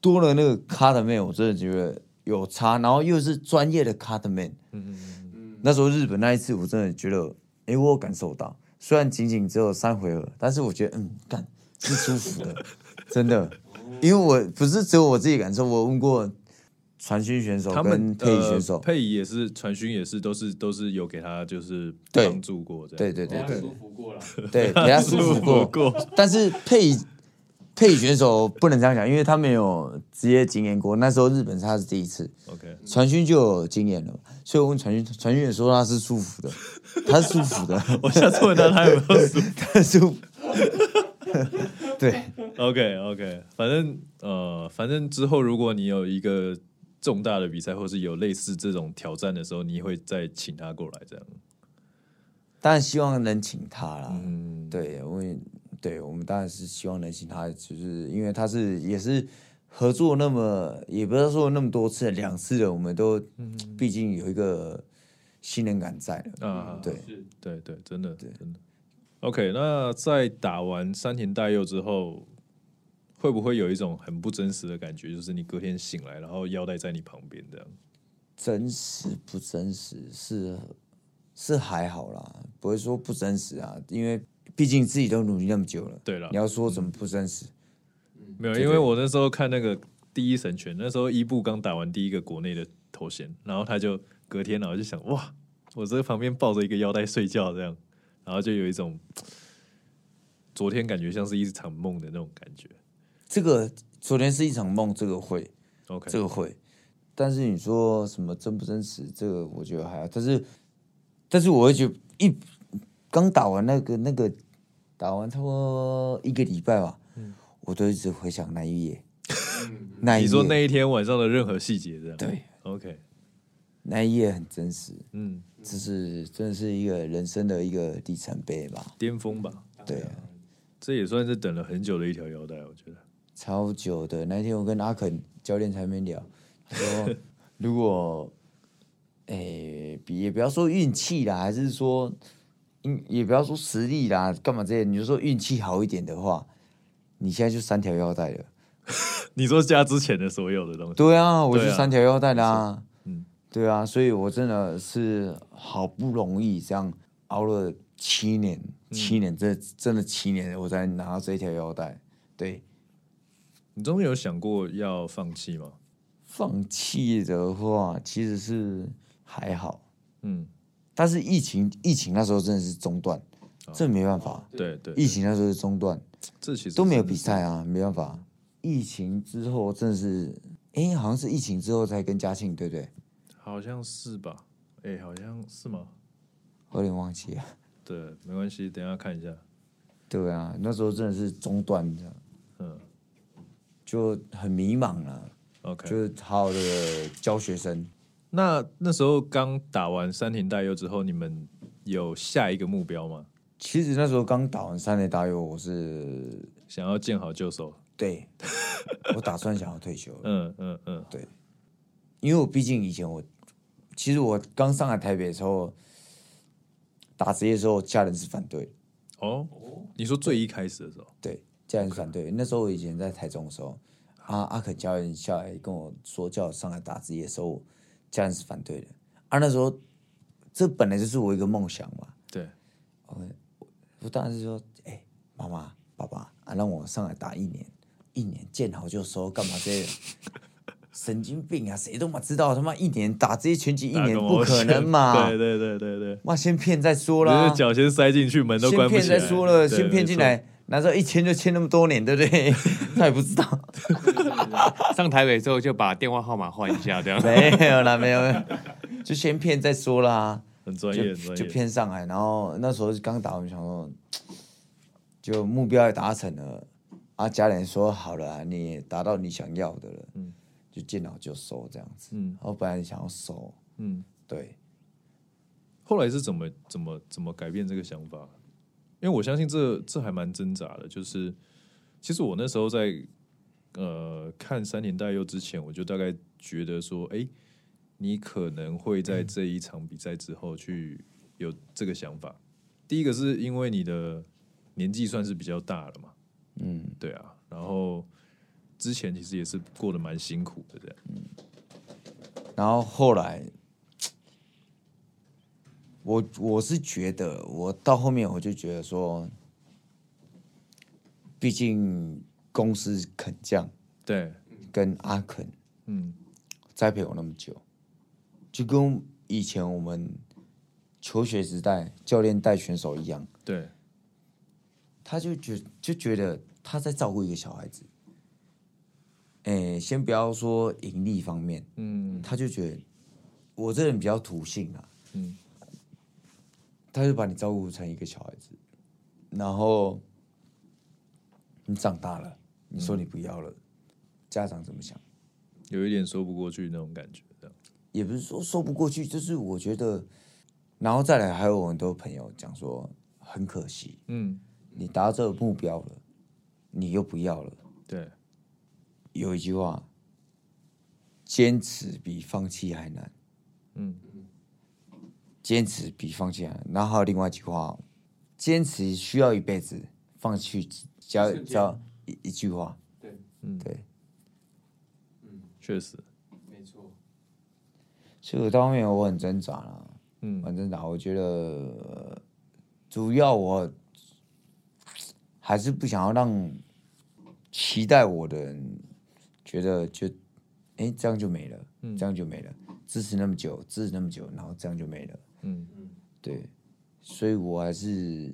多了那個 cut man，我真的覺得有差，然後又是專業的 cut man。嗯嗯嗯。那時候日本那一次，我真的覺得，哎，我有感受到。雖然僅僅只有三回合，但是我覺得嗯干是舒服的， 真的，因為我不是只有我自己感受，我問過傳訊選，選手、他們配椅選手，配、呃、椅也是傳訊也是都是都是有給他就是幫助過這樣對對對對對對對，對對對，對，對給他舒服過，服過 但是配椅。配選手不能這樣講，因為他沒有職業經驗過。那時候日本是他是第一次，OK，傳訊就有經驗了。所以我問傳訊，傳訊也說他是舒服的，他是舒服的。 我下次問他，他有沒有舒服？ 他就舒 對，OK OK。反正呃，反正之後如果你有一個重大的比賽，或是有類似這種挑戰的時候，你會再請他過來這樣。當然希望能請他啦。嗯，對，我也。對，我們當然是希望能請他，就是因為他是也是合作那麼，也不是說那麼多次，兩次的，我們都畢竟有一個信任感在了、嗯、對、啊，對對，真的，對。OK，那在打完山田大佑之後，會不會有一種很不真實的感覺？就是你隔天醒來，然後腰帶在你旁邊這樣？真實不真實？是是還好啦，不會說不真實啊，因為。畢竟自己都努力那麼久了，對了，你要說什麼不真實？嗯、沒有對對對，因為我那時候看那個第一神拳，那時候伊布剛打完第一個國內的頭銜，然後他就隔天，然後就想哇，我這旁邊抱着一個腰帶睡覺這樣，然後就有一種昨天感覺像是一場夢的那種感覺。這個昨天是一場夢，這個會 OK，這個會，但是你說什麼真不真實？這個我覺得還好，但是但是我會覺得一。剛打完那個那個，打完差不多一個禮拜吧、嗯，我都一直回想那一夜。 那你說那一天晚上的任何細節，對對，OK，那一夜很真實，嗯，這是真的是一個人生的一個里程碑吧，巔峰吧。對，啊對啊，這也算是等了很久的一條腰帶，我覺得超久的。那天我跟阿肯教練才沒聊，說 如果，比、欸，也不要說運氣了，還是說。嗯，也不要說實力啦，幹嘛這些？你就說運氣好一點的話，你現在就三條腰帶了。 你說加之前的所有的東西，對啊，我就三條腰帶啦、啊。嗯，對啊，所以我真的是好不容易這樣熬了七年、嗯，七年，真的真的七年，我才拿到這條腰帶。對，你終於有想過要放棄嗎？放棄的話，其實是還好。嗯。但是疫情，疫情那時候真的是中斷、哦，這沒辦法。哦、對，對對，疫情那時候是中斷，這其實都沒有比賽啊，沒辦法。疫情之後真的是，哎，好像是疫情之後才跟嘉慶對不對？好像是吧？哎，好像是嗎？我有點忘記、啊。對，沒關係，等一下看一下。對啊，那時候真的是中斷的，嗯，就很迷茫了、啊。OK，就是好好的教學生。那那時候剛打完三停大優之後，你們有下一個目標嗎？其實那時候剛打完三停大優，我是想要見好就收。對， 我打算想要退休。嗯嗯嗯，對，因為我畢竟以前我其實我剛上來台北的時候打職業的時候，家人是反對。哦，你說最一開始的時候？對，對家人是反對。那時候我以前在台中的時候，阿、啊、阿肯教練下來跟我說，叫我上來打職業的時候。家人是反對的，而、啊、那時候，這本來就是我一個夢想嘛。對我，我當然是說，哎、欸，媽媽、爸爸啊，讓我上來打一年，一年見好就收，幹嘛這些、個？ 神經病啊！誰都嘛知道他媽一年打這些拳擊一年不可能嘛？對對對對對，哇，先騙再說啦，腳先塞進去，門都關不。先騙再說啦，先騙進來，那時候一簽就簽那麼多年，對不對？ 他也不知道。 上台北之後就把電話號碼換一下，對吧？沒有了，沒有就先騙再說啦、啊。很專業，就騙上海。然後那時候剛打完，想說就目標也達成了。阿家人說：“好了，你達到你想要的了。嗯”就見好就收這樣子、嗯。然後本來想要收。嗯，對。後來是怎麼怎麼怎麼改變這個想法？因為我相信這這還蠻掙扎的。就是其實我那時候在。呃，看《三年大誘》之前，我就大概覺得說，誒、欸，你可能會在這一場比賽之後去有這個想法、嗯。第一個是因為你的年紀算是比較大了嘛，嗯，對啊。然後之前其實也是過得蠻辛苦的，這樣。嗯。然後後來，我我是覺得，我到後面我就覺得說，畢竟。公司肯將對跟阿肯，嗯，栽培我那麼久，就跟以前我們求學時代教練帶選手一樣，對，他就覺就覺得他在照顧一個小孩子，欸，先不要說盈利方面，嗯，他就覺得我這人比較土性啊，嗯，他就把你照顧成一個小孩子，然後你長大了，你說你不要了，嗯，家長怎麼想？有一點說不過去那種感覺，也不是說說不過去，就是我覺得，然後再來還有很多朋友講說很可惜，嗯，你達到這個目標了，你又不要了，對。有一句話，堅持比放棄還難，嗯，堅持比放棄還難。然後還有另外一句話，堅持需要一輩子，放棄加一,一句話，對，嗯，對，嗯，確實，沒錯，所以當面我很掙扎了，嗯，很掙扎。我覺得，呃，主要我還是不想要讓期待我的人覺得就，哎，這樣就沒了，嗯，這樣就沒了，支持那麼久，支持那麼久，然後這樣就沒了，嗯嗯，對，所以我還是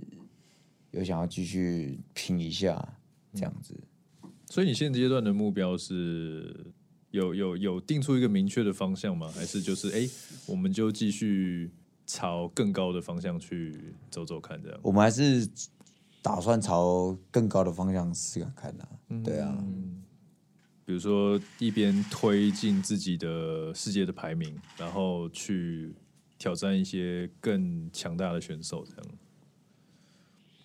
有想要繼續拼一下。這樣子、嗯，所以你現階段的目標是有有有定出一個明確的方向嗎？還是就是誒、欸，我們就繼續朝更高的方向去走走看這樣？我們還是打算朝更高的方向思考看的、啊，對啊、嗯嗯，比如說一邊推進自己的世界的排名，然後去挑戰一些更強大的選手，這樣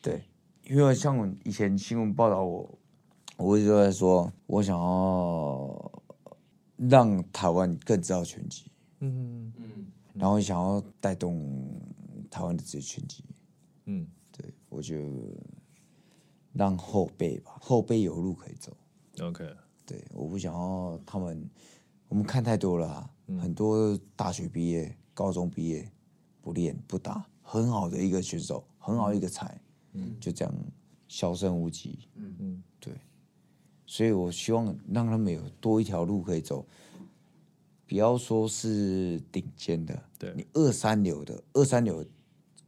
對。因為像以前新聞報道我，我一直在說，我想要讓台灣更知道拳擊，嗯，然後想要帶動台灣的這些拳擊，嗯，對，我就讓後輩吧，後輩有路可以走，OK，對，我不想要他們，我們看太多了、啊嗯，很多大學畢業、高中畢業不練不打，很好的一個選手，嗯、很好一個才。嗯，就這樣，銷、嗯、聲匿跡。嗯嗯，對，所以我希望讓他們有多一條路可以走，不要說是頂尖的，對你二三流的，二三流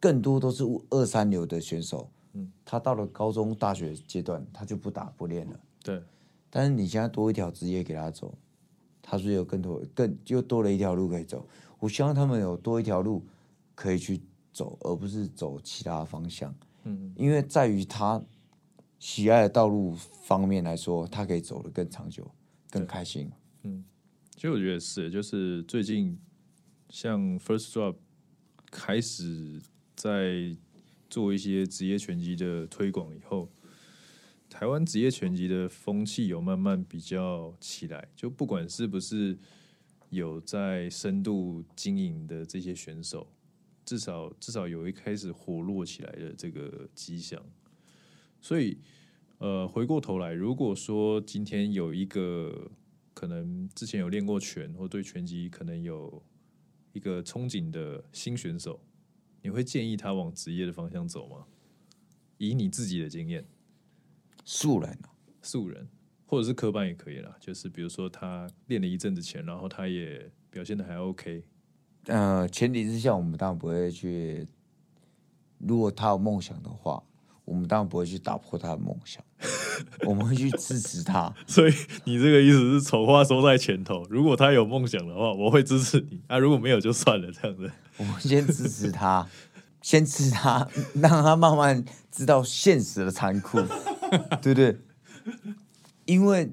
更多都是二三流的選手。嗯，他到了高中、大學階段，他就不打不練了。對，但是你現在多一條職業給他走，他是有更多、更又多了一條路可以走。我希望他們有多一條路可以去走，而不是走其他方向。嗯，因為在於他喜愛的道路方面來說，他可以走得更長久、更開心。嗯，其實我覺得是，就是最近像 First Drop 開始在做一些職業拳擊的推廣以後，台灣職業拳擊的風氣有慢慢比較起來，就不管是不是有在深度經營的這些選手。至少至少，有一開始活絡起來的這個跡象，所以呃，回過頭來，如果說今天有一個可能之前有練過拳或對拳擊可能有一個憧憬的新選手，你會建議他往職業的方向走嗎？以你自己的經驗，素人啊，素人或者是科班也可以啦，就是比如說他練了一陣子拳，然後他也表現的還 OK。呃，前提之下，我們當然不會去。如果他有夢想的話，我們當然不會去打破他的夢想，我們會去支持他。 所以你這個意思是，醜話說在前頭，如果他有夢想的話，我會支持你。啊，如果沒有，就算了。這樣子，我們先支持他， 先支持他，讓他慢慢知道現實的殘酷， 對不對？因為，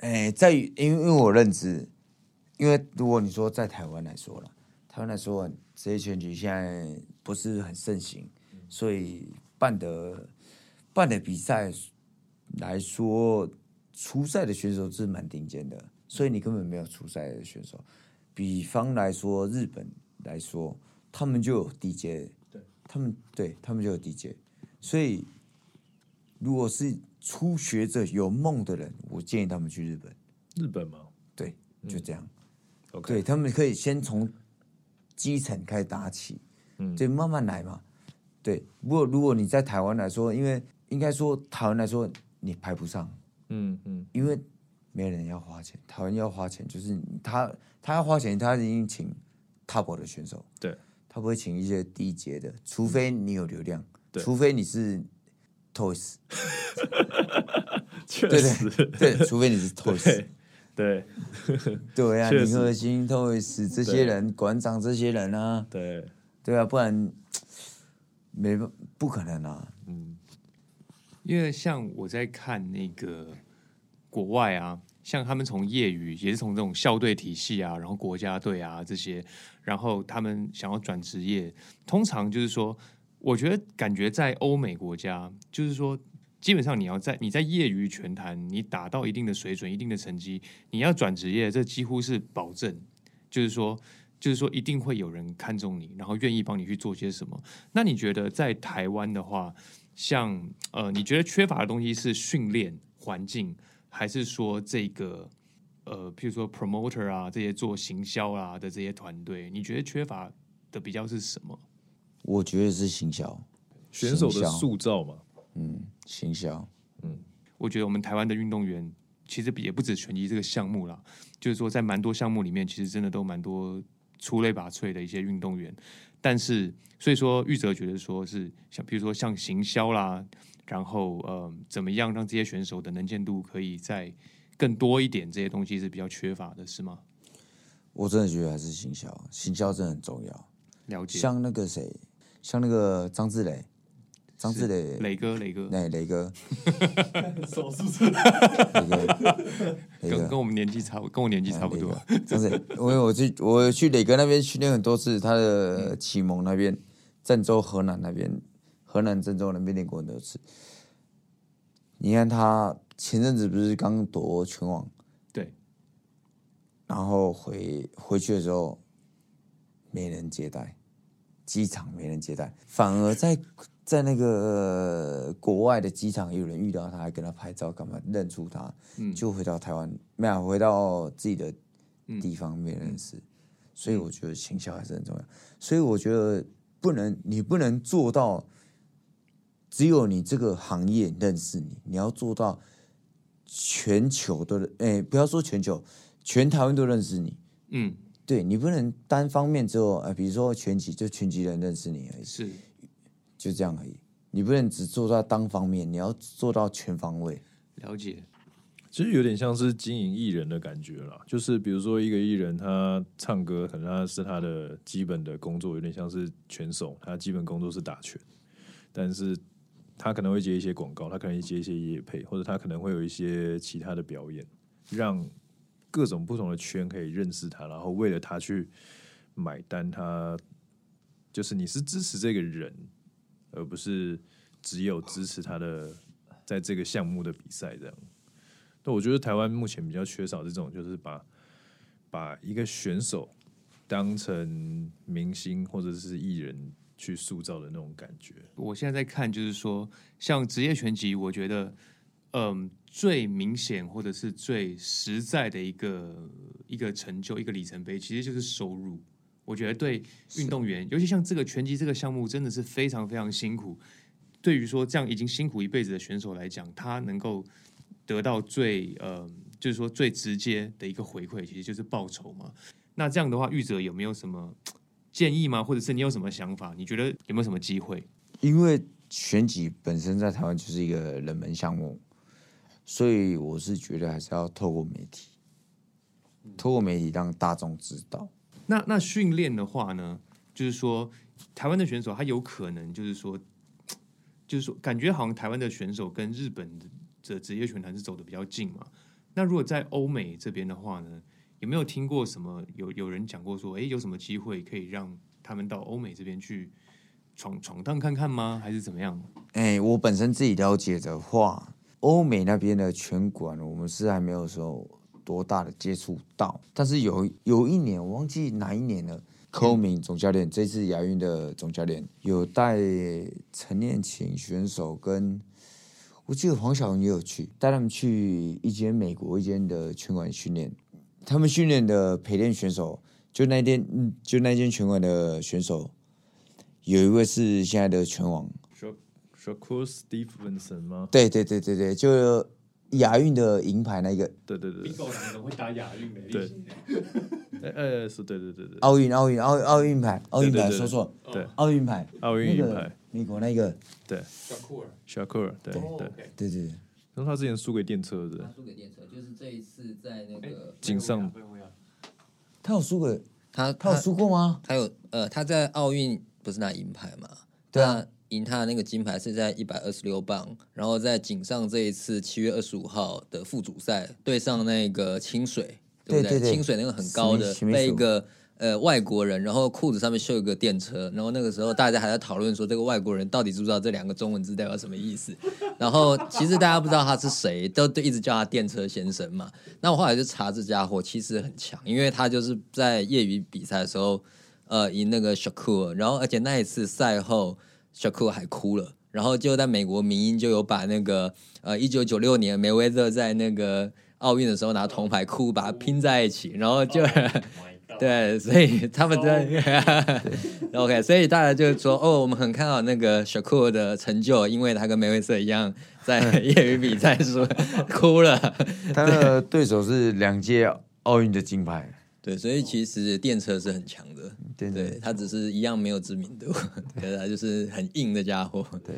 哎，在於，因為，因為我認知，因為如果你說在台灣來說了。他們來說，職業拳擊現在不是很盛行，所以辦的辦的比賽來說，初賽的選手是蠻頂尖的，所以你根本沒有初賽的選手。比方來說，日本來說，他們就有 DJ，對，他們對他們就有 DJ，所以如果是初學者有夢的人，我建議他們去日本。日本嗎？對，就這樣。嗯、OK，對他們可以先從。基層開始打起，嗯，就慢慢來嘛。對，不過如果你在台灣來說，因為應該說台灣來說你排不上，嗯嗯，因為沒人要花錢。台灣要花錢，就是他他要花錢，他已經請 top 的選手，對，他不會請一些低階的，除非你有流量，除非你是 toys，對對對，除非你是 toys。 對， 對啊，零二星都是這些人，館長這些人啊，對，對啊，不然沒不可能啊，嗯，因為像我在看那個國外啊，像他們從業餘也是從這種校隊體系啊，然後國家隊啊這些，然後他們想要轉職業，通常就是說，我覺得感覺在歐美國家，就是說。基本上你要在你在業餘拳壇，你達到一定的水準、一定的成績，你要轉職業，這幾乎是保證。就是說，就是說，一定會有人看中你，然後願意幫你去做些什麼。那你覺得在台灣的話，像呃，你覺得缺乏的東西是訓練環境，還是說這個呃，譬如說 promoter 啊，這些做行銷啊的這些團隊，你覺得缺乏的比較是什麼？我覺得是行銷，行銷選手的塑造嘛。嗯，行銷，嗯，我覺得我們台灣的運動員其實也不止拳擊這個項目啦，就是說在蠻多項目裡面，其實真的都蠻多出類拔萃的一些運動員。但是，所以說育哲覺得說是像，比如說像行銷啦，然後呃怎麼樣讓這些選手的能見度可以再更多一點，這些東西是比較缺乏的，是嗎？我真的覺得還是行銷，行銷真的很重要。了解，像那個誰，像那個張志磊。張志磊，磊哥，磊哥，磊磊哥，哈哈，少說詞，哈哈，跟跟我們年紀差不，跟我年紀差不多。張志磊，因為我，我去我去磊哥那邊訓練很多次，他的啟蒙那邊、嗯，鄭州河南那邊，河南鄭州那邊練過很多次。你看他前陣子不是剛奪拳王，對，然後回回去的時候，沒人接待。機場沒人接待，反而在在那個國外的機場有人遇到他，還跟他拍照幹嘛，認出他，嗯、就回到台灣，沒有、啊、回到自己的地方，沒認識、嗯，所以我覺得形象還是很重要、嗯。所以我覺得不能，你不能做到只有你這個行業認識你，你要做到全球都、欸，不要說全球，全台灣都認識你，嗯。對，你不能單方面之後、呃、比如說拳擊，就拳擊人認識你而已，是就這樣而已。你不能只做到單方面，你要做到全方位了解。其實有點像是經營藝人的感覺啦，就是比如說一個藝人，他唱歌可能他是他的基本的工作，有點像是拳手，他基本工作是打拳，但是他可能會接一些廣告，他可能接一些業配，或者他可能會有一些其他的表演，讓。各種不同的圈可以認識他，然後為了他去買單他，他就是你是支持這個人，而不是只有支持他的在這個項目的比賽這樣。那我覺得台灣目前比較缺少這種，就是把把一個選手當成明星或者是藝人去塑造的那種感覺。我現在在看，就是說像職業拳擊，我覺得，嗯、呃。最明顯或者是最實在的一個一個成就，一個里程碑，其實就是收入。我覺得對運動員是，尤其像這個拳擊這個項目，真的是非常非常辛苦。對於說這樣已經辛苦一輩子的選手來講，他能夠得到最呃，就是說最直接的一個回饋，其實就是報酬嘛。那這樣的話，育哲有沒有什麼建議嗎？或者是你有什麼想法？你覺得有沒有什麼機會？因為拳擊本身在台灣就是一個冷門項目。所以我是覺得還是要透過媒體，透過媒體讓大眾知道。那那訓練的話呢，就是說台灣的選手他有可能就是說，就是說感覺好像台灣的選手跟日本的職業拳壇是走的比較近嘛。那如果在歐美這邊的話呢，有沒有聽過什麼，有有人講過說，哎，有什麼機會可以讓他們到歐美這邊去闖闖蕩看看嗎？還是怎麼樣？哎，我本身自己了解的話。歐美那邊的拳館，我們是還沒有說多大的接觸到。但是有有一年，我忘記哪一年了。寇、嗯、敏總教練這次亞運的總教練有帶陳念琴選手跟，我記得黃筱雯也有去，帶他們去一間美國一間的拳館訓練。他們訓練的陪練選手，就那天，就那間拳館的選手，有一位是現在的拳王。小庫爾，Steve Vincent 嗎？對對對對對，就亞運的銀牌那個。對對對。你狗男人會打亞運的？對。呃 欸欸欸，是，對對對對。奧運奧運奧奧運牌，奧運牌對對對說錯，對，奧運牌，奧運銀牌，美、那、國、個、那個。對。小庫爾，小庫爾，對、oh, okay. 對對對。那他之前輸給電車的。輸給電車，就是這一次在那個。井、欸、上。他有輸給他,他？他有輸過嗎？他有呃，他在奧運不是拿銀牌嗎？對啊。贏他的那個金牌是在一百二十六磅，然後在井上這一次七月二十五號的副主賽對上那個清水，對，不對，對，對，對清水那個很高的那一個呃外國人，然後褲子上面繡一個電車，然後那個時候大家還在討論說這個外國人到底知不知道這兩個中文字代表什麼意思，然後其實大家不知道他是誰， 都，都一直叫他電車先生嘛。那我後來就查這傢伙其實很強，因為他就是在業餘比賽的時候呃贏那個 Shakur 然後而且那一次賽後。Shakur 還哭了，然後就在美國民音就有把那個呃一九九六年梅威瑟在那個奧運的時候拿銅牌哭，把它拼在一起，然後就、oh、對，所以他們在、oh. OK，所以大家就說 哦，我們很看好那個 Shakur 的成就，因為他跟梅威瑟一樣在業餘比賽輸 哭了，他的對手是兩屆奧運的金牌。對，所以其實電車是很強的，對，它只是一樣沒有知名度，可是它就是很硬的家伙。對，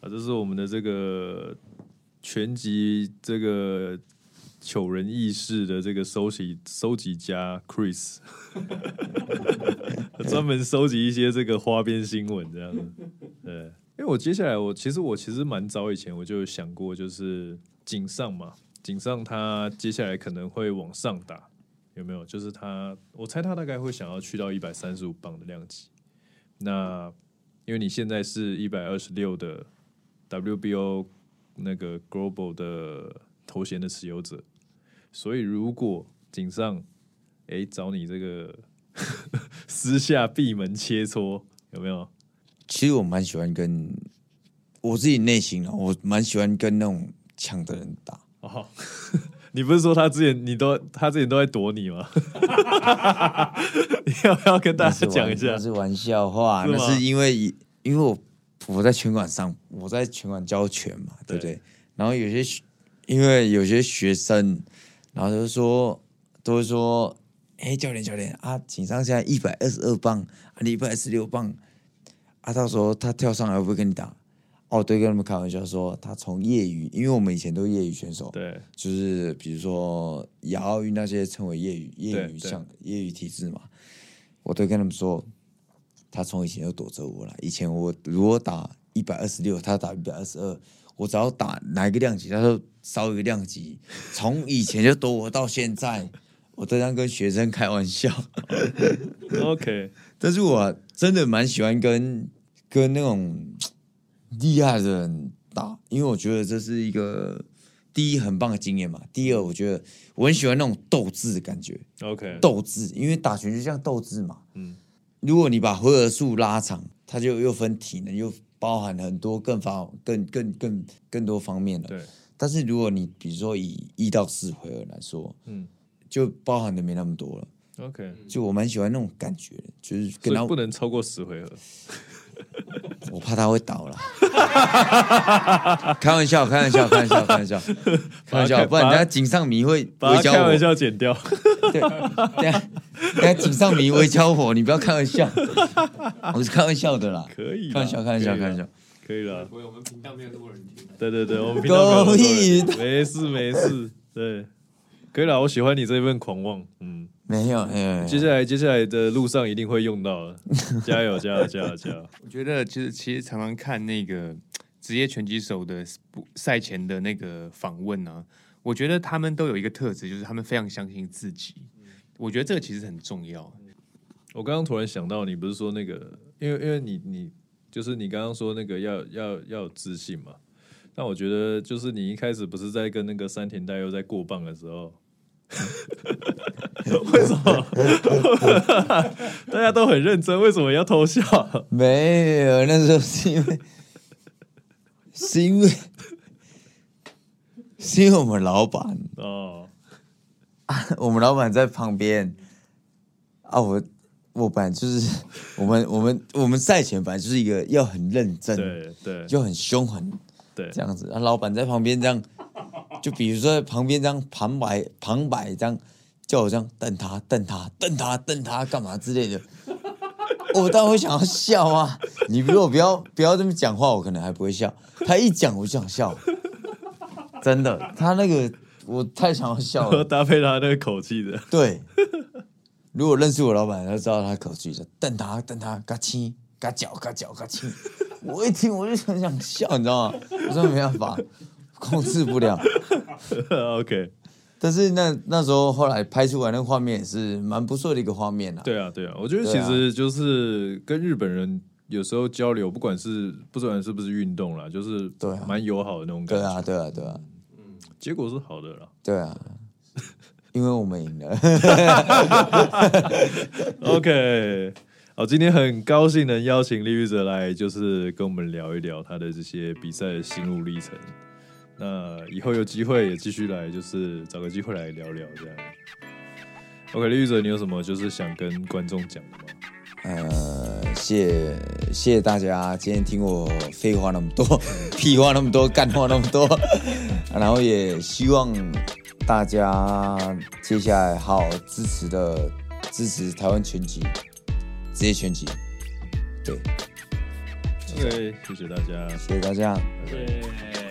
啊，這是我們的這個拳擊這個糗人軼事的這個收集收集家 Chris，專 門收集一些這個花邊新聞這樣子。對，因為我接下來我其實我其實蠻早以前我就想過，就是井上嘛，井上他接下來可能會往上打。有沒有？就是他，我猜他大概會想要去到一百三十五磅的量級。那因為你現在是一百二十六的 WBO 那個 Global 的頭銜的持有者，所以如果井上誒、欸，找你這個 私下閉門切磋，有沒有？其實我蠻喜歡跟我自己內心啊，我蠻喜歡跟那種強的人打。Oh. 你不是說他之前你都他之前都在躲你嗎？ 你要不要跟大家講一下？是玩，是玩笑話，是那是因為因為我我在拳館上，我在拳館教拳嘛對，對不對？然後有些因為有些學生，然後就說、嗯、都會說：“哎、欸，教練，教練啊，井上現在一百二十二磅，你一百十六磅啊，磅啊到時候他跳上來會不會跟你打。”哦，對，跟他們開玩笑說他從業餘，因為我們以前都是業餘選手，對，就是比如說亞奧運那些稱為業餘，業餘像業餘體制嘛，我都跟他們說，他從以前就躲着我了。以前我,我如果打一百二十六，他打一百二十二，我只要打哪個一個量級，他就少一個量級。從以前就躲我到現在， 我都在跟學生開玩笑。 OK，但是我真的蠻喜歡跟跟那種。厲害的人打，因為我覺得這是一個第一很棒的經驗嘛。第二，我覺得我很喜歡那種鬥志的感覺。OK，鬥志，因為打拳就像鬥志嘛。嗯，如果你把回合數拉長，它就又分體能，又包含了很多更方、更、更、更、更多方面的。對。但是如果你比如說以一到四回合來說，嗯，就包含的沒那麼多了。OK，就我蠻喜歡那種感覺，就是跟他不能超過十回合。 我怕他會倒了啦， 開玩笑，開玩笑，開玩笑，開玩笑，開玩笑他看，不然人家井上迷會我，把開玩笑剪掉，對 對，人家井上米會教我，你不要開玩笑， 我是開玩笑的啦，可以，開玩笑，開玩笑，開玩笑，可以啦。以啦以啦對,對,對，我們頻道沒有那麼多人聽，對對對，我們頻道沒有那事沒事， 對，可以啦。我喜歡你這份狂妄，嗯。沒有，沒有，沒有。接下來，接下來的路上一定會用到的，加油， 加油，加油，加油！我覺得，其實其實常常看那個職業拳擊手的賽前的那個訪問啊，我覺得他們都有一個特質，就是他們非常相信自己。我覺得這個其實很重要。我剛剛突然想到，你不是說那個，因為因為你你就是你剛剛說那個要要要有自信嘛？但我覺得，就是你一開始不是在跟那個山田大佑在過磅的時候。 為什麼？ 大家都很認真，為什麼要偷笑？沒有，那時候是因為，是因為，是因為，是因為我們老闆哦，啊，我們老闆在旁邊。啊，我我本來就是我們我們我們賽前本來就是一個要很認真，對對，就很凶狠，對這樣子，啊，老闆在旁邊這樣。就比如說在旁邊這樣旁白，旁白這樣叫我這樣瞪他，瞪他，瞪他，瞪他幹嘛之類的，哦、我當然會想要笑啊。你如果不要不要這麼講話，我可能還不會笑。他一講我就想笑，真的。他那個我太想要笑了，我搭配他那個口氣的。對，如果認識我老板，他知道他的口氣說瞪他，瞪他，嘎青，嘎腳，嘎腳，嘎青。我一聽我就很想，想，想笑，你知道嗎？我說沒辦法。控制不了 ，OK。但是那那時候後來拍出來的畫面也是蠻不錯的一個畫面了、啊。對啊，對啊，我覺得其實就是跟日本人有時候交流，不管是不管是不是運動啦，就是蠻友好的那種感覺。對啊，對啊，對啊。嗯、啊，結果是好的啦。對啊， 因為我們贏了。 OK。好，今天很高興能邀請利育哲來，就是跟我們聊一聊他的這些比賽的心路歷程。那以後有機會也繼續來，就是找個機會來聊聊這樣。OK，利育哲，你有什麼就是想跟觀眾講的嗎？呃，謝謝,謝,謝大家今天聽我廢話那麼多， 屁話那麼多， 幹話那麼多、 啊，然後也希望大家接下來好支持的，支持台灣拳擊，職業拳擊。對，OK，、就是、謝謝大家，謝謝大家，拜拜。